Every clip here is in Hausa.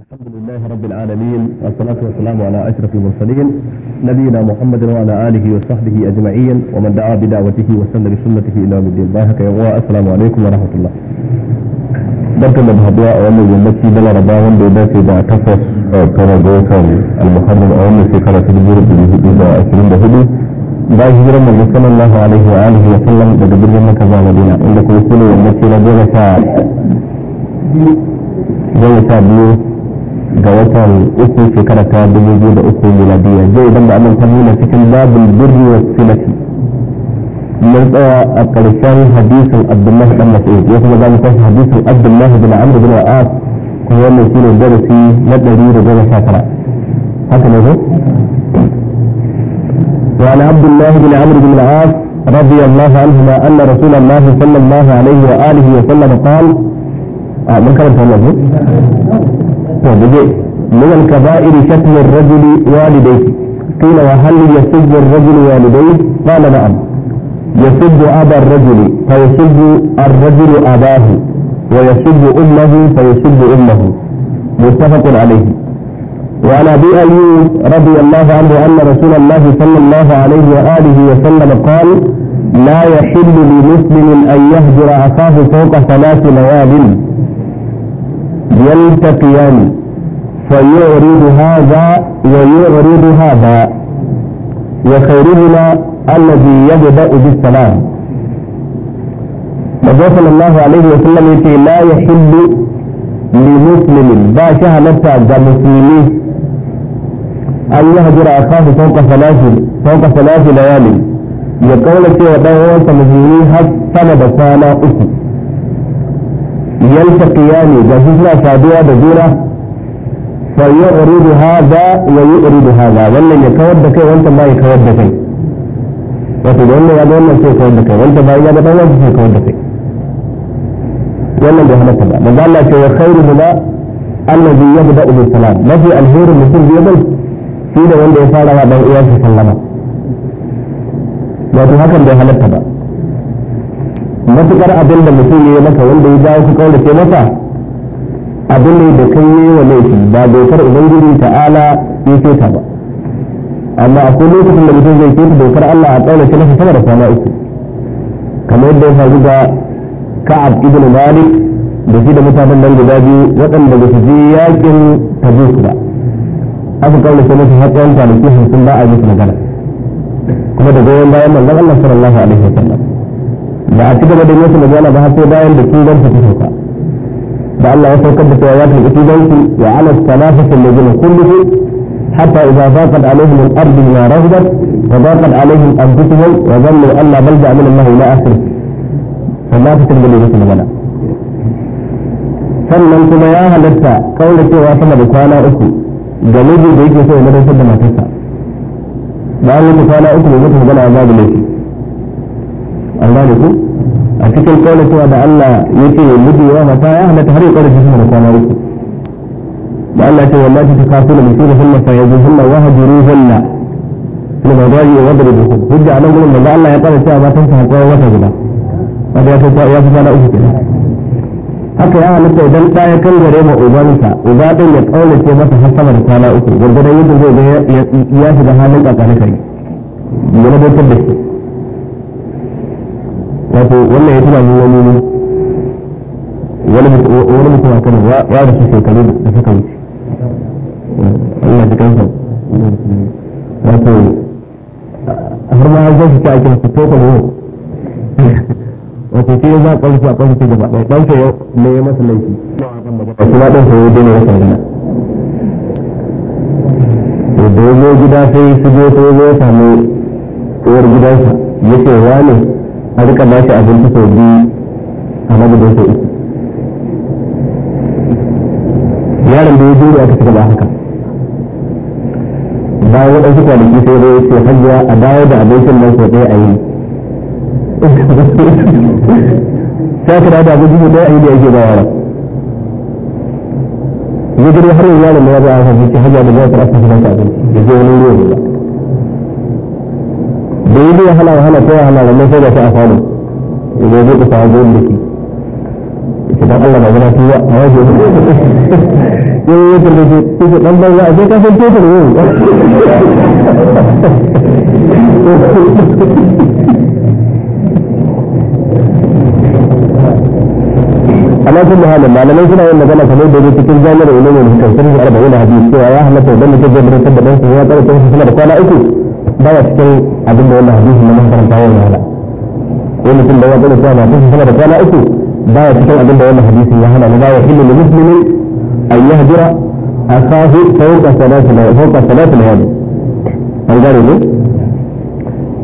الحمد لله رب العالمين والصلاة والسلام على أشرف المرسلين نبينا محمد وعلى آله وصحبه أجمعين ومن دعا بدعوته وسلم بسنته إلى يوم الدين باهك السلام عليكم ورحمة الله بركة الهدواء أولي ومكي بلا رباهم بيباتي دا تفص آه، ترغوكا المحرم أولي في خلاص الجير بيه أسلم بهدي دا هجر من رسول الله عليه وآله وسلم بدبر جمك زالدين عندك رسول ومكي لجلسا جلسا ga watan uku shekara ta dubu biyu da uku miladiya zai idan ba amince nuna cikin babul birri wa silati mun tsaya a ƙarshen hadisin abdullahi dan mas'ud ya kuma zamu tashi hadisin abdullahi bin amr bin al-as kuma wannan shine darasi na ɗari da haka ne ko وعن عبد الله بن عمرو بن العاص رضي الله عنهما أن رسول الله صلى الله عليه وآله وسلم قال آه من كان من الكبائر كتم الرجل والديه قيل وهل يسب الرجل والديه قال نعم يسب أبا الرجل فيسب الرجل أباه ويسب أمه فيسب أمه متفق عليه وعن أبي أيوب رضي الله عنه أن رسول الله صلى الله عليه وآله وسلم قال لا يحل لمسلم أن يهجر أخاه فوق ثلاث ليال يلتقيان فيعرض هذا ويعرض هذا وخيرهما الذي يبدأ بالسلام النبي صلى الله عليه وسلم يقول لا يحل لمسلم باشها نفسها بمسلمين أن يهجر أخاه فوق ثلاث فوق ثلاث ليالي يقول في وضعه وسمزيني حتى نبسانا أسف يلتقياني جزيزنا سادوا دجورة فيعرض هذا ويعرض هذا ولا يتودك وانت ما يتودك وتقول له يا دولة شو يتودك وانت ما يجب أن يجب يتودك ولا يجب أن يتودك وقال لك يا خير هنا الذي يبدأ بالسلام ما في الهير المسلم يبدأ في ده وانت يفعلها بأن يجب يسلمها لا تهكم بها لك matukar abin da mutum ya maka wanda ya dawo ka kaura ce masa abin ne da kai yi wa laifi ba dokar ubangiji ta'ala ya ce ta ba amma akwai lokacin da mutum zai keta dokar Allah a kaura ce masa sama da kwana uku kamar yadda ya faru ga ka'ab ibn malik da shi da mutanen nan guda biyu waɗanda ba su je yakin tabuk ba aka kaura ce masa har tsawon kwanaki hamsin ba a yi musu magana kuma da goyon bayan manzon Allah sallallahu alaihi sallam. ba a cigaba da musu magana ba sai bayan da tuban ta sauka da Allah ya saukar da cewa wata tuban su wa ala salafati alladhina kulluhu hatta idza daqat alaihim al-ardu bima rahabat wa daqat alaihim anfusuhum wa dhannu an la balda min Allah ila akhir Allah ta tambaye musu magana sannan kuma ya halatta kaura cewa sama da kwana uku ga miji da yake so ya madaukar da matarsa bayan wata kwana uku ne mutum magana ya babu laifi an gane ku a cikin kawai cewa da Allah ya ce mudu yawa mata ya halatta har ya kawai jikin da kwana uku da Allah ce wallahi ta kasu da mutum hunna fa yanzu hunna wa hajiru hunna kuma ba zai yi wadda da buku hujja a nan gudun da Allah ya kawai cewa matan sa hakuwa wata guda wanda ya fi ya fi kwana uku kenan haka ya halatta idan ɗa ya kangare ma ubansa uba ɗin ya kaulace masa har sama da kwana uku gwargwadon yadda zai ga ya shiga halin ƙaƙa na kai ya rabotar da shi wato wannan ya tuna min wani wani mutum a kan ya rasu shekaru da suka wuce Allah ji kansa wato har ma har zai ta ake su tofa ne wato ke za a ƙarfi a ƙarfi gaba ɗaya ɗansa ne ya masa laifi a kuma ɗansa ya daina ya sarina da ya zo gida sai su zo ta zo ya samu uwar gidansa ya ce wa ne a rika ba shi abinci sau biyu a madadin sau uku yaron da ya jure aka ci gaba haka bayan waɗansu kwanaki sai dai ce hajiya a dawo da abincin nan sau ɗaya a yi sai aka dawo da abincin sau ɗaya a yi da yake ba yaron ya gari har yanzu yaron da ya ba a kan ce hajiya da ya fara sa shi abinci ya je wani ruwa ba da yi ya hana ko wahala da mai sai da shi a samu idan zai ka samu da shi shi dan Allah ba gina shi a wajen yi yau da shi shi dan banza a sai ka san teku yau ala kulli hal malamai suna yin magana kamar da cikin jami'ar ulumul hikam sun arba'in hadisi cewa ya halatta idan mutum zai mutunta da dan sa ya tsara kansa sama da kwana uku baya cikin abin da wanda hadisi na makaranta yau ya hada ko mutum da ya gani cewa ba kusa sama da kwana uku baya cikin abin da wanda hadisi ya hada na baya hillu da muslimin an yi hajira a sahu fauka salatu na yadu an gane ne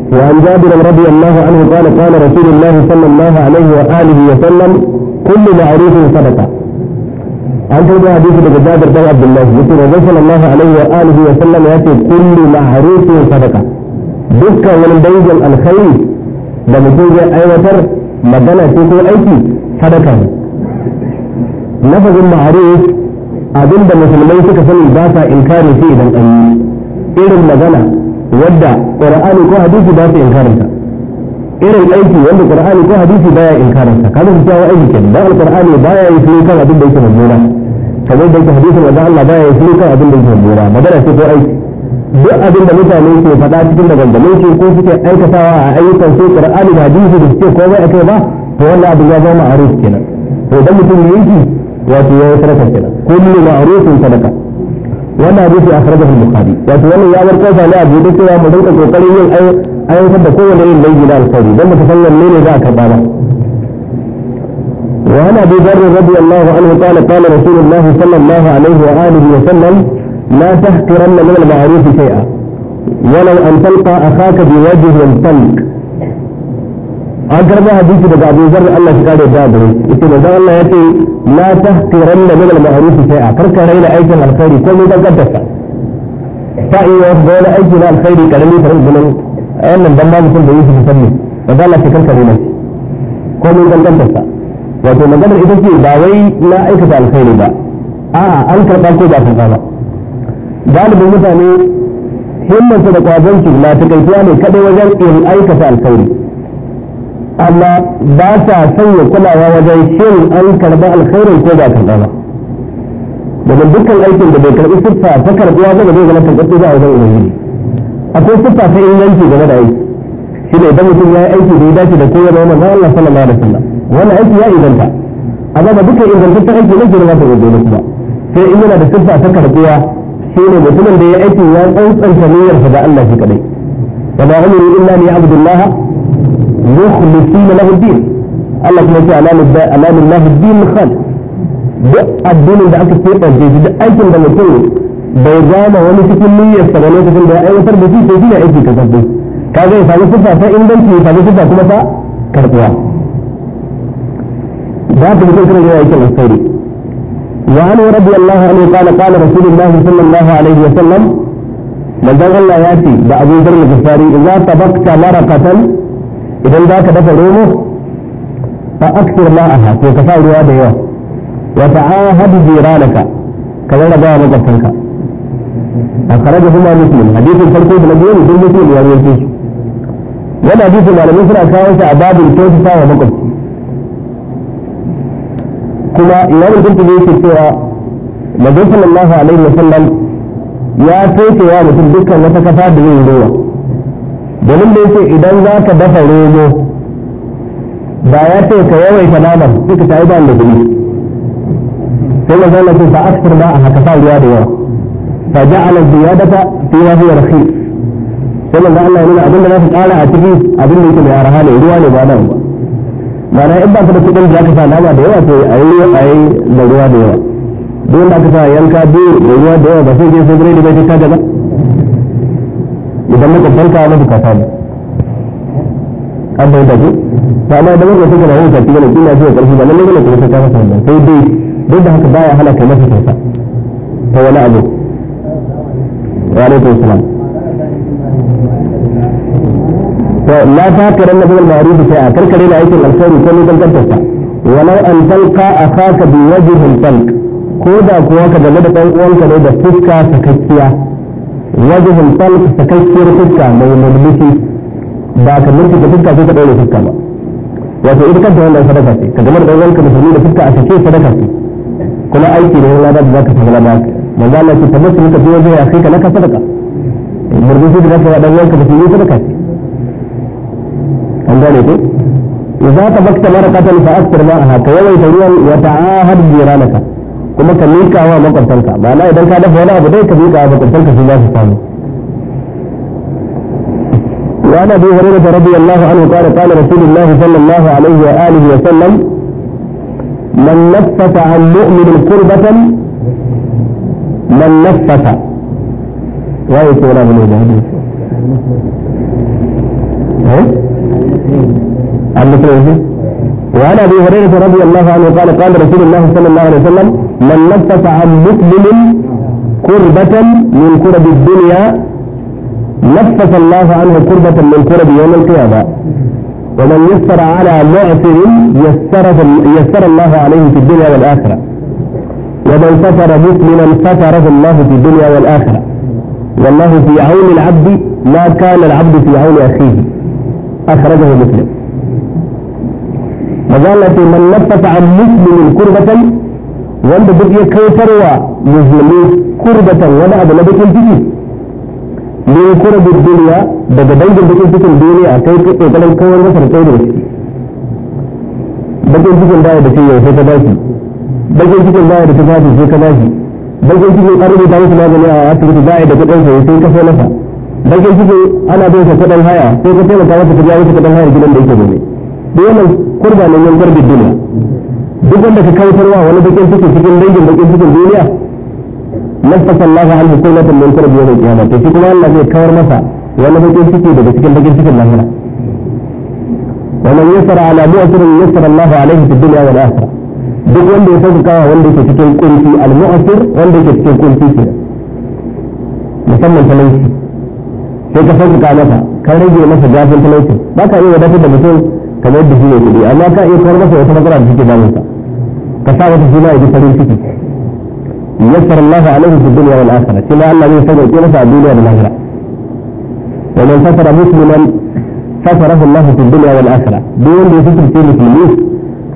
وعن جابر رضي الله عنه قال قال رسول الله صلى الله عليه وآله وسلم كل معروف صدقه an tabbata hadisi daga Jabir bin Abdullah yace Rasul sallallahu alaihi wa alihi wa sallam yace kullu ma'rufin sadaqa dukkan wani dangin alkhairi da mutum zai aiwatar magana ce ko aiki sadaka ne lafazin ma'ruf da musulmai suka sani ba sa inkari sai idan an yi irin magana wadda qur'ani ko hadisi ba su inkarinta irin aiki wanda qur'ani ko hadisi baya inkarinta kaga cewa aiki kenan dan alqur'ani baya yi sai kan abin da yake majnuna kamar da yake hadisin manzon Allah baya ya kan abin da yake mura magana ce ko aiki duk abin da mutane ke faɗa cikin da maganganun su ko suke aikatawa a ayyukan su Qur'ani da hadisi da suke bai akai ba to wannan abin ya zama ma'ruf kenan to dan mutum ya yi wato ya yi sadaka kenan kullu ma'rufin sadaka wannan hadisi akhrajahu al-bukhari wato wannan ya warkar da abu da cewa mu rinka kokarin yin ayyukan da kowanne yin laifi da alkhairi dan mu san wanne ne za a karba ba وعن ابي ذر رضي الله عنه قال قال رسول الله صلى الله عليه واله وسلم لا تحقرن من المعروف شيئا ولو ان تلقى اخاك بوجه الطلق اقرب حديث بقى ابو ذر الله تعالى بابه يقول ذا الله يقول لا تحقرن من المعروف شيئا فرك علينا ايضا الخير كل ذا قدس فاي وفضل ايضا الخير كلمه فرد من ان الدمام كل يوسف يسمي وقال لك كم كلمه كل ذا قدس wato maganar ita ce ba wai na aikata alkhairi ba a'a an karɓa ko ba karɓa ba galibin mutane himmanta da kwazansu na takaituwa ne kaɗai wajen in aikata alkhairi amma ba sa sanya kulawa wajen shin an karɓa alkhairin ko ba karɓa ba daga dukkan aikin da bai karɓi siffa ta karɓuwa ba da zai zama karɓar ba a wajen ubangiji akwai siffa ta inganci game da aiki shi ne idan mutum ya yi aiki da ya dace da koyarwa manzon Allah sallallahu alaihi wasallam wannan aiki ya inganta a ba duka ingantaccen aiki na jirgin da wata gobe ne kuma sai in yana da siffa ta karbuwa shi ne mutumin da ya aiki ya tsantsanta niyyarsa da Allah shi kadai wa ma umiru illa ni abdullahi mukhlisina lahu din Allah kuma ce alamin lahu din khalis duk addinin da aka keɓance shi duk aikin da mutum bai zama wani cikin niyyarsa ba lokacin da ya aiwatar da shi to shi ne aiki ka sabbi kaga ya samu siffa ta inganci ya samu siffa kuma ta karbuwa ذات مثل كنا جاء يكل الخير وعن رضي الله عنه قال قال رسول الله صلى الله عليه وسلم manzon Allah ya ce da Abu Dharr al-Ghifari idza tabaqta idan za ka dafa romo fa akthir ma'aha to ka sa ruwa da yawa wa ta'ahad jiranaka ka rarraba wa makwabtanka akhrajahu huma muslim hadithin farko da nabi ne sun ya suna a babin kyautata wa kuma imam kurtubi yake cewa manzo sallallahu alaihi wa sallam ya toke wa mutum dukkan wata kafa da yin ruwa domin da yake idan za ka dafa rogo ba ya ce ka yawaita naman sai ka tayi ban da gumi sai manzo Allah ya fa aksar ma a haka ruwa da yawa fa ja'ala ziyadata fi ma huwa rakhis sai manzo Allah ya nuna abin da za ka kara a ciki abin da yake mai araha ne ruwa ne ba nan ba mana in ba ka da kudin da aka sa nama da yawa to a yi a yi da ruwa da yawa duk wanda aka sa yanka biyu da ruwa da yawa ba sai je sai biredi bai ta gaba idan muka tanka na bukata ne an bai da ku to amma da wanda suka da yin tafi yana kila zuwa karfi ba lallai ne kuma ta ka fasa wannan sai dai duk da haka baya hana kai masa kyauta ta wani abu wa alaikum salam لا تاكر أنه المعروف شيئا كركر إلى أيك الخير كل من تنتهى ولو أن تلقى أخاك بوجه الفلك كودا كواك دمدة أولك لدى فكة sakakkiyar fuska mai سكتير ba ka da ka fuska ba wato ita kanta wannan sadaka ce ka gamar da musulmi da fuska a sake sadaka ce kuma aiki ne wani da za ka fara ba Allah ce tabbata ka biyo ka naka sadaka murmushi da ka yi dan wanka musulmi sadaka ce عندك إذا طبقت مرقة فأكثر معها كيوم ثانيا يتعاهد جيرانك كما كميكا هو مقر تلك معنى إذا كان هذا فلا أبدا كميكا هو مقر تلك في الناس الثاني وعن أبي هريرة رضي الله عنه قال قال رسول الله صلى الله عليه وآله وسلم من نفس عن مؤمن كربة من نفس وهي سورة من الهدى إيه؟ إيه؟ وعن ابي هريره رضي الله عنه قال قال رسول الله صلى الله عليه وسلم من نفس عن مسلم كربة من كرب الدنيا نفس الله عنه كربة من كرب يوم القيامة ومن يسر على معسر يسر يسر الله عليه في الدنيا والآخرة ومن كفر مسلما ستره الله في الدنيا والآخرة والله في عون العبد ما كان العبد في عون أخيه أخرجه مسلم mazala ce man nafasa an muslimin wanda duk ya kautarwa musulmi kurbatan wani abu na bakin ciki ne kurbin duniya daga dangin bakin cikin duniya kai kokarin kawar masar kai da ciki bakin cikin baya da ciwo sai ka bashi bakin cikin baya da tufafi sai ka bashi bakin cikin an rubuta musu magani a asibiti baya da kudin sa sai ka so masa bakin cikin ana bin sa kudin haya sai ka taimaka masa ka haya gidan da kurba nan yangar da duniya duk wanda ka kautarwa wani bakin cikin cikin dangin bakin cikin duniya nafasa Allah an hukumatan min biyar da kiyama to shi kuma Allah zai kawar masa wani bakin ciki daga cikin bakin cikin lahira ومن يسر على مؤثر يسر الله عليه في الدنيا والآخرة duk wanda ya sauka kawa wanda yake cikin kunci al-mu'asir wanda yake cikin kunci ke musamman talauci sai ka sauka masa ka rage masa gafin talauci ba ka iya wadatar da mutum kamar da shine kuɗi amma ka iya kawar masa wata matsala da take damun sa ka sa masa suna ya ji farin ciki yassara Allah alaihi fi dunya wal akhirah kuma Allah zai sauke masa a duniya da lahira wa man fasara musliman fasarahu Allah fi dunya wal akhirah duk wanda ya fitirce musulmi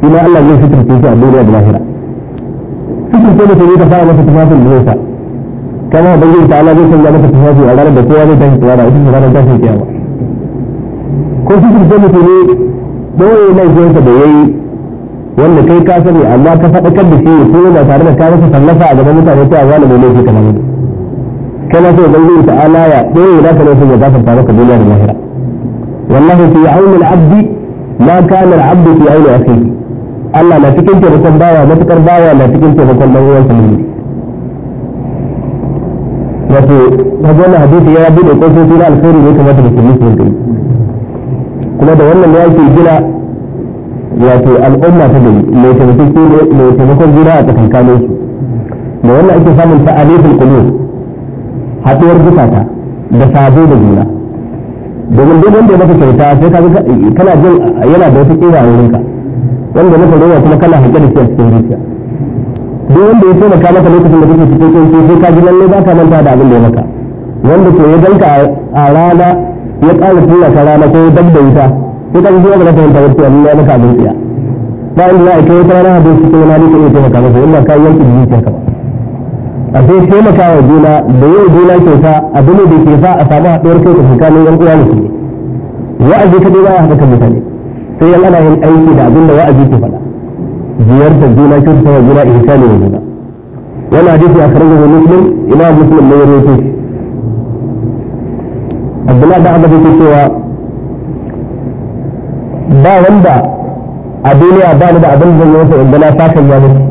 kuma Allah zai fitirce shi a duniya da lahira fitirce musulmi ka fara masa tufafin da zai sa كما بين تعالى بيت الله بك تفاجئ على رب القوة بيت الله بيت الله بيت الله كل شيء في boye laifinsa da yayi wanda kai ka sani amma ka faɗakar da shi ko ba tare da ka masa sallafa a gaban mutane ta wani mai laifi kamar ne kana so ta alaya ya boye naka laifin ya gafarta maka duniya da lahira wallahi fi auni al-abdi ma kana al-abdu fi auni akhihi Allah na cikin taimakon bawa matukar bawa na cikin taimakon dan uwansa ne wato hadisi ya bude al alkhairi ne kamar da musulmi su gani kuma da wannan ya ke gina wato al'umma ta gari mai taimakon juna a tsakankanin su da wannan ake samun ta alifin kudu haɗuwar zukata da sabo da juna domin duk wanda ya maka kyauta sai ka kana jin yana da wata kira a wurinka wanda maka rowa kuma kana haƙe da shi a cikin zuciya duk wanda ya taimaka maka lokacin da kake cikin kunci sai ka ji lallai ba ka manta da abin da ya maka wanda ke ya danka a rana ya ƙara sallah ka rana ko dab da wuta ko kan zuwa ba za ka yanta wacce Allah ya maka abin tsiya ba in za a kai wata rana hadin su kuma na duka iya taimaka masa illa ka yanki da zuciya kama a sai taimaka wa juna da yau juna kyauta abin da ke sa a samu haɗuwar kai ta tsakanin yan uwa musulmi wa'azi ka dai ba ya haɗa kan mutane sai yan ana yin aiki da abin da wa'azi ke faɗa ziyartar juna kyautata wa juna ihsani wa juna wannan hadisi akhrajahu muslim imam muslim ne ya rawaito abdullahi da abin yake cewa ba wanda a duniya ba ni da abin da zan yi wasa in gana sakan ya mutu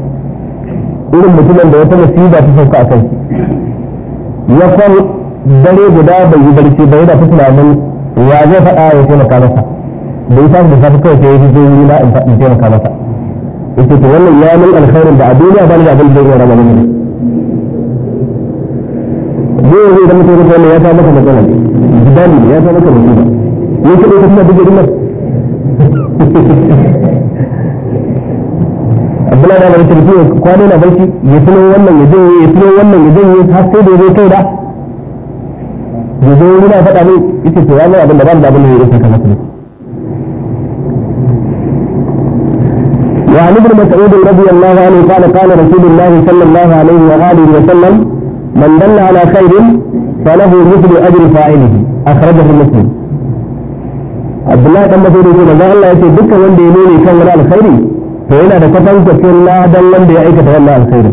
irin mutumin da wata musiba ta sauka a kai ya kwan dare guda bai yi barci bai da min ya zai faɗa ya taimaka masa bai sa da safi kawai sai ya zo yi na in taimaka masa yake to wannan ya min alkhairin da a duniya ba ni da abin da zan yi rama ne ne zai da mutum ya samu maka matsalar. ne bali ya zama ka mutum ne kaɗai ka dubu na barci ya tuno wannan ya janye ya tuno wannan ya janye har da ya kai da ya zo wani na faɗa ne ita ce abin da ba da abin da ya kamar su وعن ابن مسعود رضي الله عنه قال قال رسول الله صلى الله عليه وسلم من فله مثل أجر فاعله أخرجه مسلم عبد الله بن مسعود يقول ما الله يتي دكا وين دي نوني كان ولا الخير فهنا ده كفن كفن لا دل وين دي أيك تولى الخير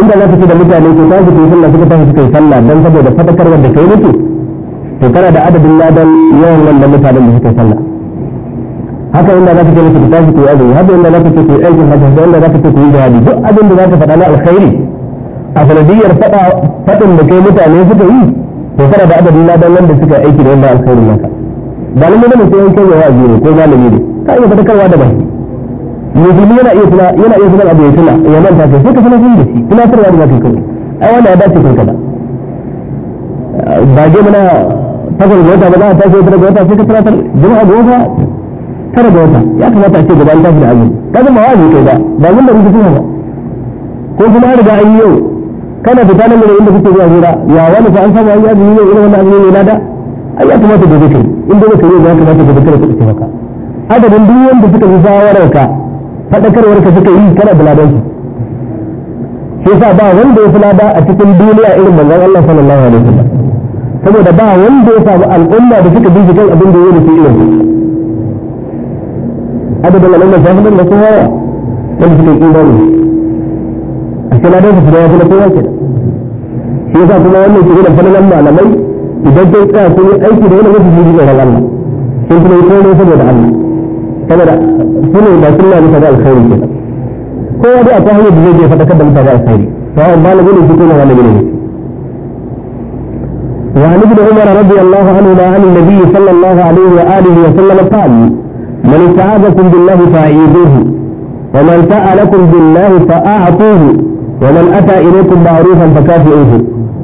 إن ذا تكي ده متعني كي تاسي كي صلى سكي تاسي كي صلى دن سبو ده فتكر وده كي نكي to kana da adadin ladan yawan wanda mutanen da suka sallah haka inda za ka ce musu tashi ku yi azumi haka inda za ka ce ku yi aikin hajji haka inda za ka ce ku yi jihadi duk abin da za ka faɗa na alkhairi a sanadiyar faɗin da kai mutane suka yi to kana da adadin ladan wanda suka aiki da wanda alkhairin naka ba lalle bane sai kai yawa ji ko malami ne ka iya karwa da baki musulmi yana iya tuna yana iya tuna abu ya tuna ya manta kai sai ka sanar da shi tuna sarwa da zaka kai ai wannan ya dace kanka da ba je mana takwas ga wata ba za a tashi wata ga wata sai ka tunatar jama'a ga wata tara ga wata ya kamata a ce gaba an tashi da azumi ka zama wajibi kai ba ba mun da rubutun ba ko kuma an riga an yi yau kana fita nan gurin inda kuke zuwa hira ya wani fa an samu an yi azumi ne irin wannan azumi ne lada ai ya kamata da zikiri inda da zikiri ya kamata da zikiri ku taimaka adadin duk wanda suka yi shawarar faɗakarwar ka suka yi kana da ladan shi shi yasa ba wanda ya fi lada a cikin duniya irin manzon Allah sallallahu alaihi wasallam saboda ba wanda ya samu al'umma da suka bincike abin da ya yi irin adadin al'umma sai da kowa wanda suka yi imani ashe na dafa da ya fi na kowa ke shi yasa kuma wannan shi da falalan malamai idan dai tsaya sun yi aiki da wani mutum shi da Allah sun kuma yi komai saboda Allah saboda su ne ba وعن ابن عمر رضي الله عنهما عن النبي صلى الله عليه وآله وسلم قال من استعاذكم بالله فأعيذوه ومن سألكم بالله فأعطوه ومن أتى إليكم معروفا فكافئوه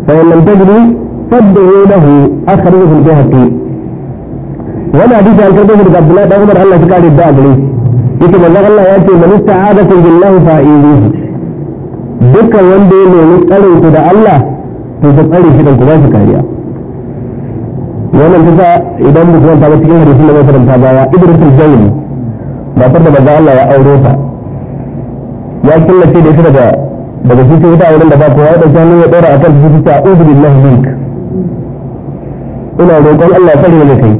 فإن لم تجدوا فادعوا له أخرجه البيهقي وما حديث عن كتبه عبد الله عمر الله شكاله الدابري يكتب الله الله يأتي من استعاذة بالله فأيديه duka wanda ya nemi tsarin ku da Allah to ku tsare shi dan ku ba shi kariya wannan kasa idan mu kuma ba cikin hadisin da makaranta baya da ya aure ta ya killace da ita daga daga shi sai a wurin da ba kowa ya dauki hannu ya dora a kan shi ta ubi billahi mink ina roƙon Allah tsare ne kai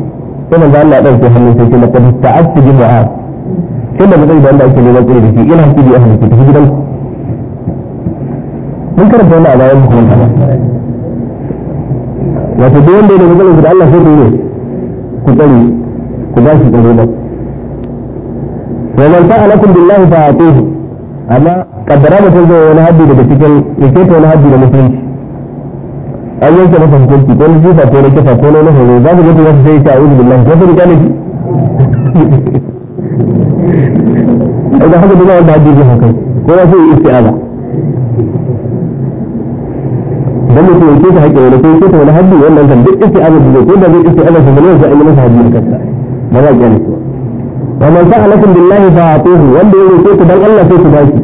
sai manzo Allah ya dauke hannu sai ce laqad ta'attu bi mu'ad kin da mutai da Allah ake neman tsare da shi ina hakki bi ahli kitab gidan mun karanta wannan a bayan mun wato duk wanda ya da da Allah sai ne ku tsare ku ba shi tsare da ومن سألكم بالله فأعطوه amma kaddara mutum zai wani haddi daga cikin ya ta wani haddi da musulunci an yanke masa hukunci ko na jifa ko na kifa ko na nahoro za su mutu wasu sai ta uzu billahi ko sun kyale shi da haka duna wanda haddi zai hukai ko na sai ala dan mutum ya keta haƙƙi wani ko ya keta wani haddi wannan kan duk ala da zai ko da zai isti'aza su zama yanzu yi masa haddi a kansa ba za a kyale wa man sa'alakum billahi fa atuhu wanda ya roƙe ku dan Allah sai ku shi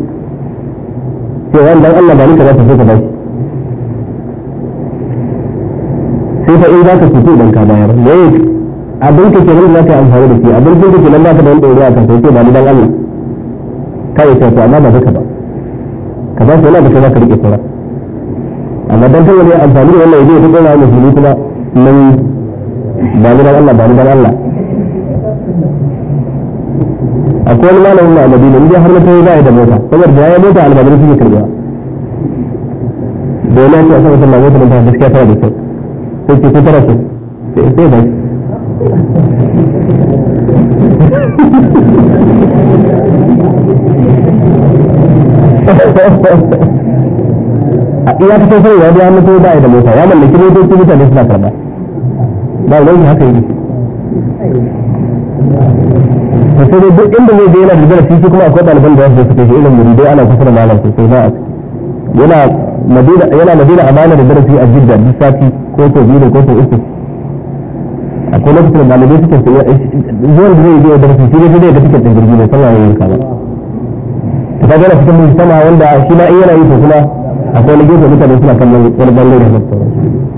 sai wanda dan Allah ba ni ka ba sai ka shi sai fa in zaka fito dan ka bayar ne abin ka kenan zaka yi amfani da shi abin ka kenan ba ka da wanda ya roƙa sai ce ba ni dan Allah kai sai to amma ba zaka ba ka ba su da za ka rike kura amma dan kai wani amfani da wannan yaje ya fito na musulmi kuma nan ba ni dan Allah ba ni dan Allah akwai wani malamin na madina inda har mutum ba ya da mota saboda ya yi mota almajiru suke karɓa da yana ce a sama sallah mota mun ta gaskiya tana da kyau ko ce ko tara ko? sai ba a iya ta sai ya biya mutu ba ya da mota ya mallaki motoci mutane suna karɓa ba wani haka yi da sai dai duk inda zai je yana magana shi kuma akwai ɗaliban da wasu suke irin muridai ana kusa malam sosai ba a yana madina yana madina amana da darasi a jidda duk sati ko ko biyu ko ko uku akwai lokacin da malamai suke sai eh, zuwa da zai je darasi shi ne da tiket da jirgi ne sallah ya yanka ta kaga yana cikin mujtama wanda shi ma in yana yi to kuma akwai na gefe mutane suna kallon wani bangare da sauransu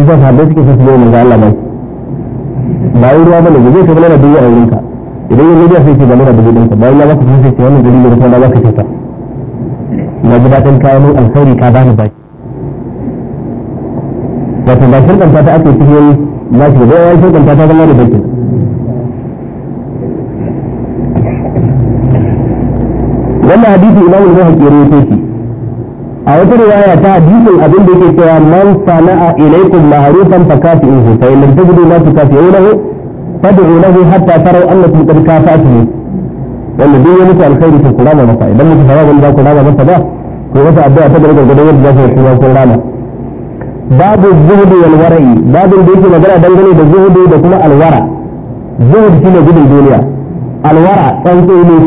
kusa sahabbai suke son su manzo Allah bai ba yi ruwa bane zai ka da dubu a wurinka idan ya zai sai ke da dubu ɗinka bayan ya baka sun sai ce wannan da kuma baka kyauta na ji daɗin kayan mun alkhairi ka bani baki wato ba shirkanta ta ake cikin na shi ta zama da baki wannan hadisi imamu al-Bukhari shi a wata riwaya ta hadisin abin da yake cewa man sana'a ilaykum ma'rufan fakafi'uhu fa in tajidu ma tukafi'unahu fad'u lahu hatta taraw annakum qad kafatuhu wanda duk wani ta alkhairi ta kula ma masa idan mutu fara ba kula ma masa ba ko wata addu'a ta daga gudan yadda za su yi kuma kula ma babu zuhudu wal wara'i babin da yake magana dangane da zuhudu da kuma alwara zuhud shine gudun duniya alwara tsantsi ne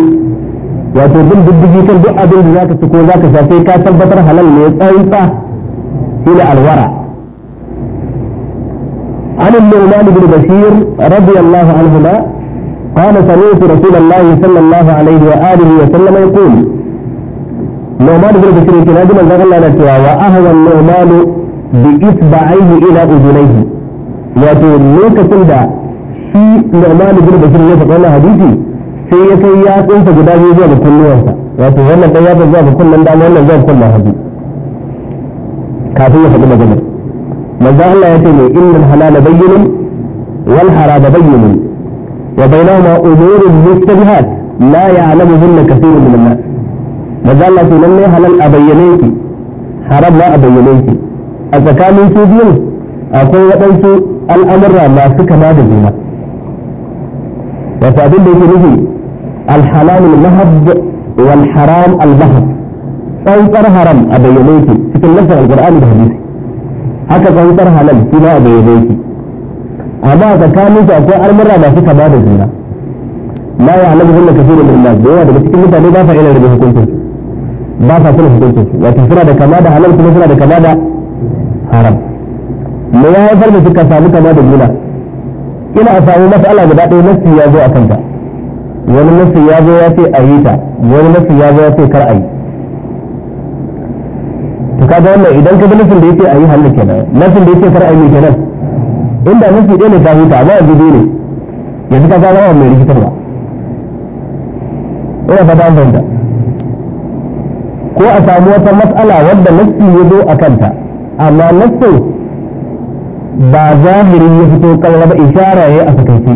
wato بدي diddigi kan duk abin da zaka ci ko zaka sha sai ka tabbatar عن النعمان بن بشير رضي الله عنهما قال سمعت رسول الله صلى الله عليه واله وسلم يقول نعمان بن بشير في نادم الغلى نتوى واهوى النعمان باصبعيه الى اذنيه يقول نوك سندا في نعمان بن بشير يتقول حديثي sai ya kai yatsunsa guda biyu zuwa ga kunnuwansa wato wannan ɗan yatsun zuwa ga kunnen dama wannan zuwa kunnen hagu kafin ya faɗi magana manzo Allah ya ce ne innal halala bayyinun wal harama bayyinun wa bainahuma umurun mustabihat la ya'lamuhunna kathirun min an-nas manzo Allah ce lalle halal a bayyane yake haram ma a bayyane yake a tsakanin su biyun akwai waɗansu al'amurra masu kama da juna wato abin da yake nufi الحلال اللهب والحرام اللهب tsantsar haram a bayyane ki cikin lafiyar alkur'ani da hadisi haka tsantsar halal shi ma a bayyane ki amma a akwai almurra masu kama da juna la ya alamu hunna kafirun min nas da yawa daga cikin mutane ba sa irin da hukuncin ba sa suna hukuncin su suna da kama halal kuma suna da kama haram me ya haifar da samu juna ina a guda ɗaya zo a kanta wani nasu ya zo ya ce a yi ta wani nasu ya zo ya ce kar a yi to kaga wannan idan ka ga nufin da yake a yi hannu kenan nufin da yake kar a yi kenan inda nufi ɗaya ne ka huta amma yanzu biyu ne yanzu ka gaba wa mai rikitarwa ina fata an fahimta ko a samu wata matsala wadda nufi ya zo a kanta amma nufin ba zahiri ya fito kallon ba ishara ya yi a sakaice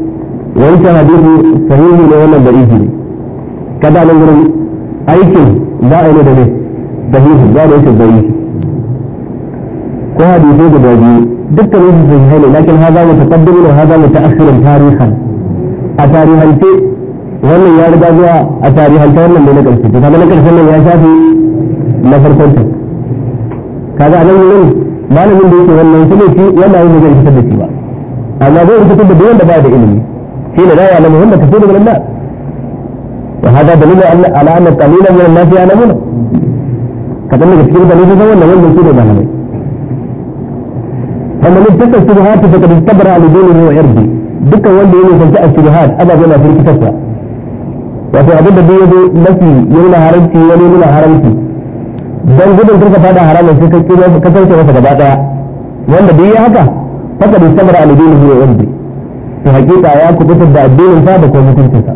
wancan hadisi sahihi ne wannan da ne kada nan gurin aikin za a yi da ne sahihi za da yake zai ko hadisi da biyu dukkanin wasu sahihai ne lakin haza mutaqaddimun wa haza mutaakhirun tarihan a tarihance wannan ya riga zuwa a tarihance wannan ne na karshe to kaga na karshen nan ya shafi na farkon ta kaga a nan gurin malamin da yake wannan shi ne shi yana yin da zai fitar da shi ba amma zai fitar da duk wanda ba da ilimi حين لا يعلمهن كثير من الناس وهذا دليل على ان قليلا من الناس يعلمونه كتبنا كثير دليل هذا ولا هم كثير يعلمون فمن ابتدى الشبهات فقد استبرا لدينه وعرضه دكا ولد يوم فجاء الشبهات ابى بلا في الكتاب وفي عبد الدين التي يوم حرمتي ويوم حرمتي dan gudun karka fada حرام da kake kiyaye ka kasance wata gaba daya wanda bai yi to hakika ya kubutar da addinin sa da kuma mutuncin sa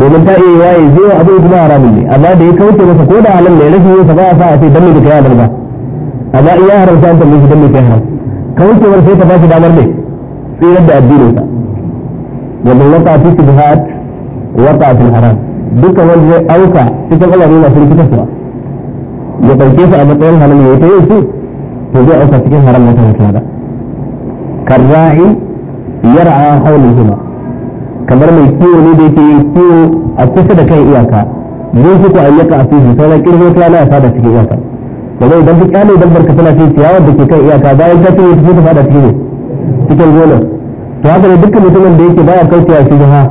domin ta iya waye zai wa abin kuma haramun ne amma da ya kauce masa ko da halal ne rashin yin sa ba sa a ce dan me kai halal ba amma in ya haramta an tambaye shi dan me kai haram kaucewar sai ta bashi damar ne tsirar da addinin sa wa man waqa fi subhat waqa fil haram duka wanda zai auka cikin al'amari masu rikitarwa ya ɗauke su a matsayin halal ya ta yin su to zai auka cikin haram na ta mutuwa da karra'i yar'a hima kamar mai kiwo ne da yake yin kiwo a kusa da kan iyaka zai shi ko ayyuka a fihi na kirgo ta na fada cikin iyaka kuma idan duk kyale dabbar ka tana cikin ciyawar da ke kan iyaka bayan ta cinye ta fada cikin cikin gona to haka ne dukkan mutumin da yake baya kaucewa shi ha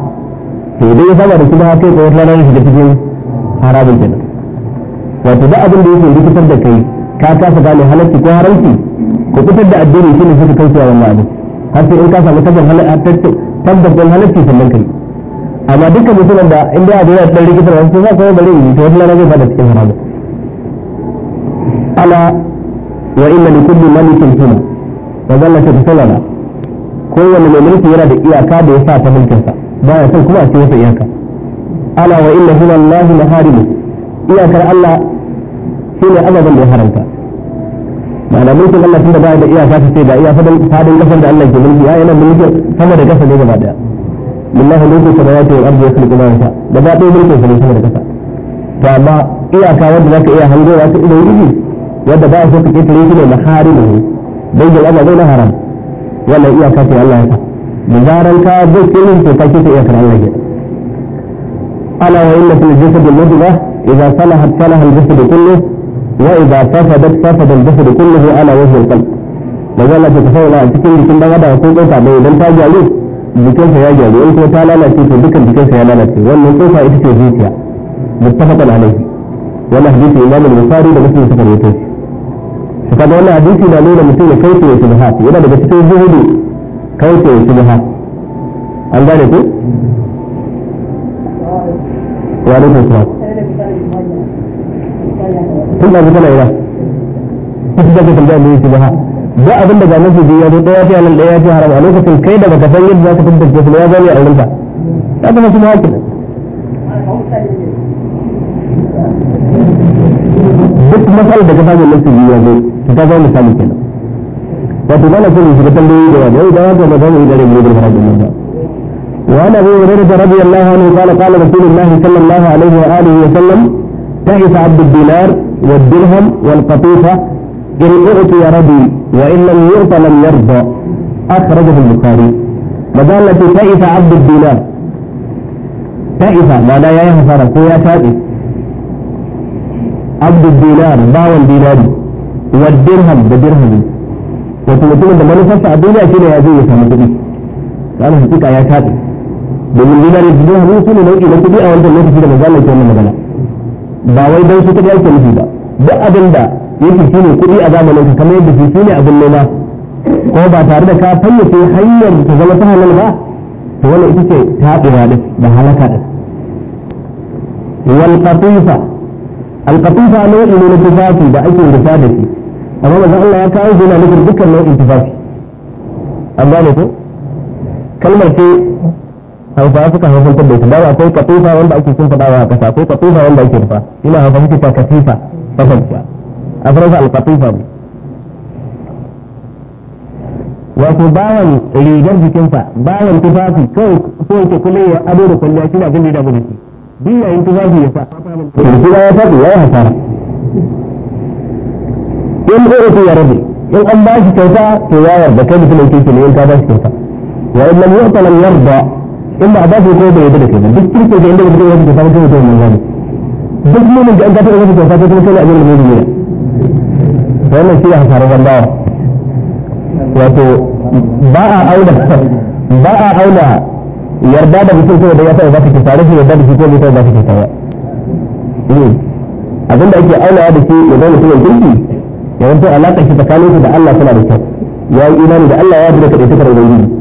to idan ya saba da shi ha kai ko wata ranar shi da cikin harabin kenan wato duk abin da yake rikitar da kai ka kasa gane halarci ko haramci ku fitar da addini shi ne suka kaucewa wannan abin har sai in ka samu tabbacin halarci sannan kai amma dukkan mutumin da in dai abu yana dan rikitar wasu za su bari yi to wannan zai fada cikin haramun ala wa inna li kulli malikin tuna wa zalla ta tsalala kowanne mai mulki yana da iyaka da ya sa ta mulkinsa ba ya san kuma a ce masa iyaka ala wa inna hina Allah maharimu iyakar Allah shine azaban da ya haramta ma'ana mulkin Allah tun da ba da iyaka ta sai da iya fadin fadin kasar da Allah ke mulki ya yana mulki sama da kasa ne gaba daya billahi mulku samawati wal ardi yakhluqu ma yasha da ba dai mulkin sa ne sama da kasa to amma iyaka wanda zaka iya hango wata ido yiri wanda ba so kake tare shi ne maharimu bai da Allah bai na haram wannan iyaka ce Allah ya sa da zaran ka duk ilimin to kake ta iyakar Allah ke ala wa inna fil jasadi mudghah idza salahat salaha al jasadu kulluhu وإذا فسدت فسد الجسد كله على وجه القلب مجالة تتفاول على تكون لكم بغدا وكون قوطع بين دلتا جاليه بكل سياجة لأنك وتعالى لأتي في ذكر بكل سياجة لأتي وأن القوطع انت وزيتيا متفقا عليه وأن حديث إمام المصاري بمثل سفر يتوش فقد وأن حديث دليل مثل كيف يتبهات إذا بكتك الزهد كيف يتبهات عن ذلك وعليكم السلام tun da magana ina ita zaka tambaya me yake ba ba abin da ga nasu biyu ya zo daya fi halal daya fi haram a lokacin kai da baka san yadda zaka tantance su ya zani a wurinka ya zama su haƙi duk matsalar da ka samu nasu biyu ya zo to ka zama misali kenan wato ba na so ne shiga tambayoyi da wani yau da wata ba za mu yi dare mu da harajin nan ba وعن ابي هريره رضي الله عنه قال قال رسول الله صلى الله عليه واله وسلم تعس عبد الدينار والدرهم والقطيفة إن أعطي ربي وإن لم يعط لم يرضى أخرجه البخاري مدالة تائف عبد الدينار تائف لا يا يهفر يا تائف عبد الدولار باو الدينار والدرهم بدرهم وتمتلون بمن فسع الدنيا كنا يا زيك مدري قال هتك يا تائف بمن دينار الدينار يوصل لو كنت بي أولد الله في المدالة كنا مدالة ba wai dan su kudi ake nufi ba duk abin da yake shi ne kudi a zamanin ka kamar yadda shi ne abin noma ko ba tare da ka fayyace hanyar ta zama ta halal ba to wannan ita ce ta taɓewa din da halaka din wal qatifa al qatifa nau'i ne na tufafi da ake rufa da shi amma ba Allah ya kawo zuwa na nufin dukkan nau'in tufafi an gane ko kalmar ce hausawa suka hausantar da ita dama akwai katifa wanda ake sun faɗawa a ƙasa akwai katifa wanda ake rufa ina hausa suke ta katifa kafanciya a faransa alkatifa ne wato bawan rigar jikinsa bawan tufafi kawai so yake kuma ya ado da kwalliya shi na abin da ya damu da shi duk yayin tufafi ya sa kuma ya faɗi ya yi hasara in ko ɗaya ya rabe in an ba shi kyauta to ya yarda kai mutum yake ne in ka ba shi kyauta wa in lam yu'ta lam yarda in ba a ba su ko bai yadda da kai ba duk kirkin da inda mutum ya yi kyauta mutum ya yi manzani duk mumin da an gata da wata kyauta ko kuma kai ne abin da mutum ya wannan shi ne hasarar bandawa wato ba a auna ba a auna yarda da mutum ko da ya taɓa ba ka kyauta rashin yarda da shi ko bai taɓa ba ka kyauta ba abinda ake aunawa da shi ya zama mutumin kirki ya zanto alaƙa shi tsakaninsa da Allah tana da kyau ya yi imani da Allah ya bude kaɗai tukar ubangiji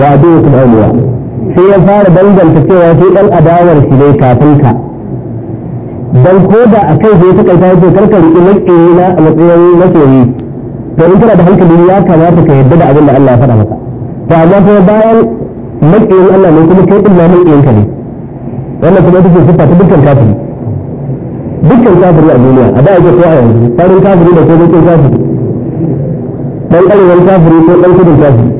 wa adukum awliya sai ya fara danganta cewa sai dan adawar shi ne kafin ka dan ko da akai zai ta kaita yake karka riƙi maƙiyi na a matsayin masoyi to in kana da hankali ya kamata ka yadda da abin da Allah ya faɗa maka to amma kuma bayan maƙiyin Allah ne kuma kai din ma maƙiyin ka ne wannan kuma take sifa ta dukkan kafiri dukkan kafiri a duniya a da yake ko a yanzu farin kafiri da ko bakin kafiri dan arewan kafiri ko dan kudin kafiri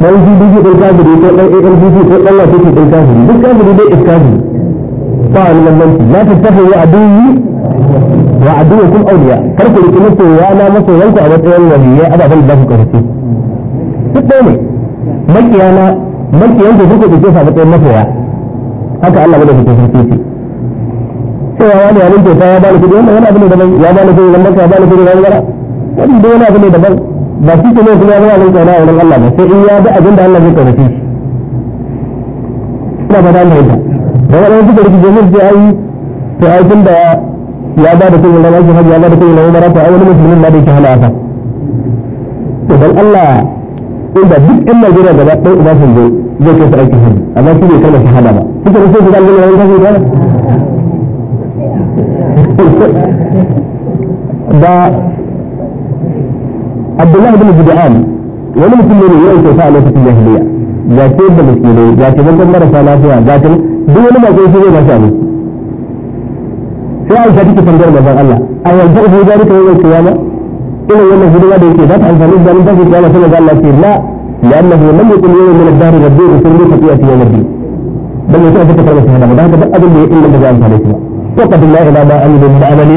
dan gidi dan kafiri ko ɗan ALGD ko dan Allah take dan kafiri duk kafiri dai iskazi ba wani bambanci la tattafu wa aduwi wa aduwakum awliya kar ku riki musu ya na musu yanku a matsayin waliyai ababan da za ku karfi duk dai ne makiyana makiyan ku kuka kike fa matsayin masoya haka Allah bada kike sarki ce cewa wani ya rinke ta ya bani kudi wannan wani abu ne daban ya bani kudi nan maka ya bani kudi nan gara wani dai wani abu ne daban ba shi ne kuma ya zama kauna a wurin Allah ba sai in ya bi abin da Allah zai kaunace shi ina ba da Allah ya da waɗanda suka rikice sai ai to ai tunda ya ba da kai wani aikin ya ba da kai wani umara ai wani musulmin da yake hana to dan Allah inda duk in Najeriya gaba ɗaya uba sun zai zai kai su aiki hajji amma shi bai kalmar shahada ba suka rufe su zalgin wani ba عبد الله بن جدعان wani mutum ne mai yawan kyauta a lokacin jahiliya ga ce da miskinai ga ce bangon marasa lafiya ga ce duk wani mako shi zai ba shi abinci sai aisha take tambayar manzon Allah a yanzu ubu zalika yawmal qiyama irin wannan hidima da yake za ta amfani da nan bakin kiyama sai manzon Allah ce la لأنه لم يكن يوم من الدهر ربي يسلمك في أتي يوم الدين بل يتوفى كلمة هذا وذهب أبن إلا بجانب عليكم وقد الله إلى ما أمن بعمل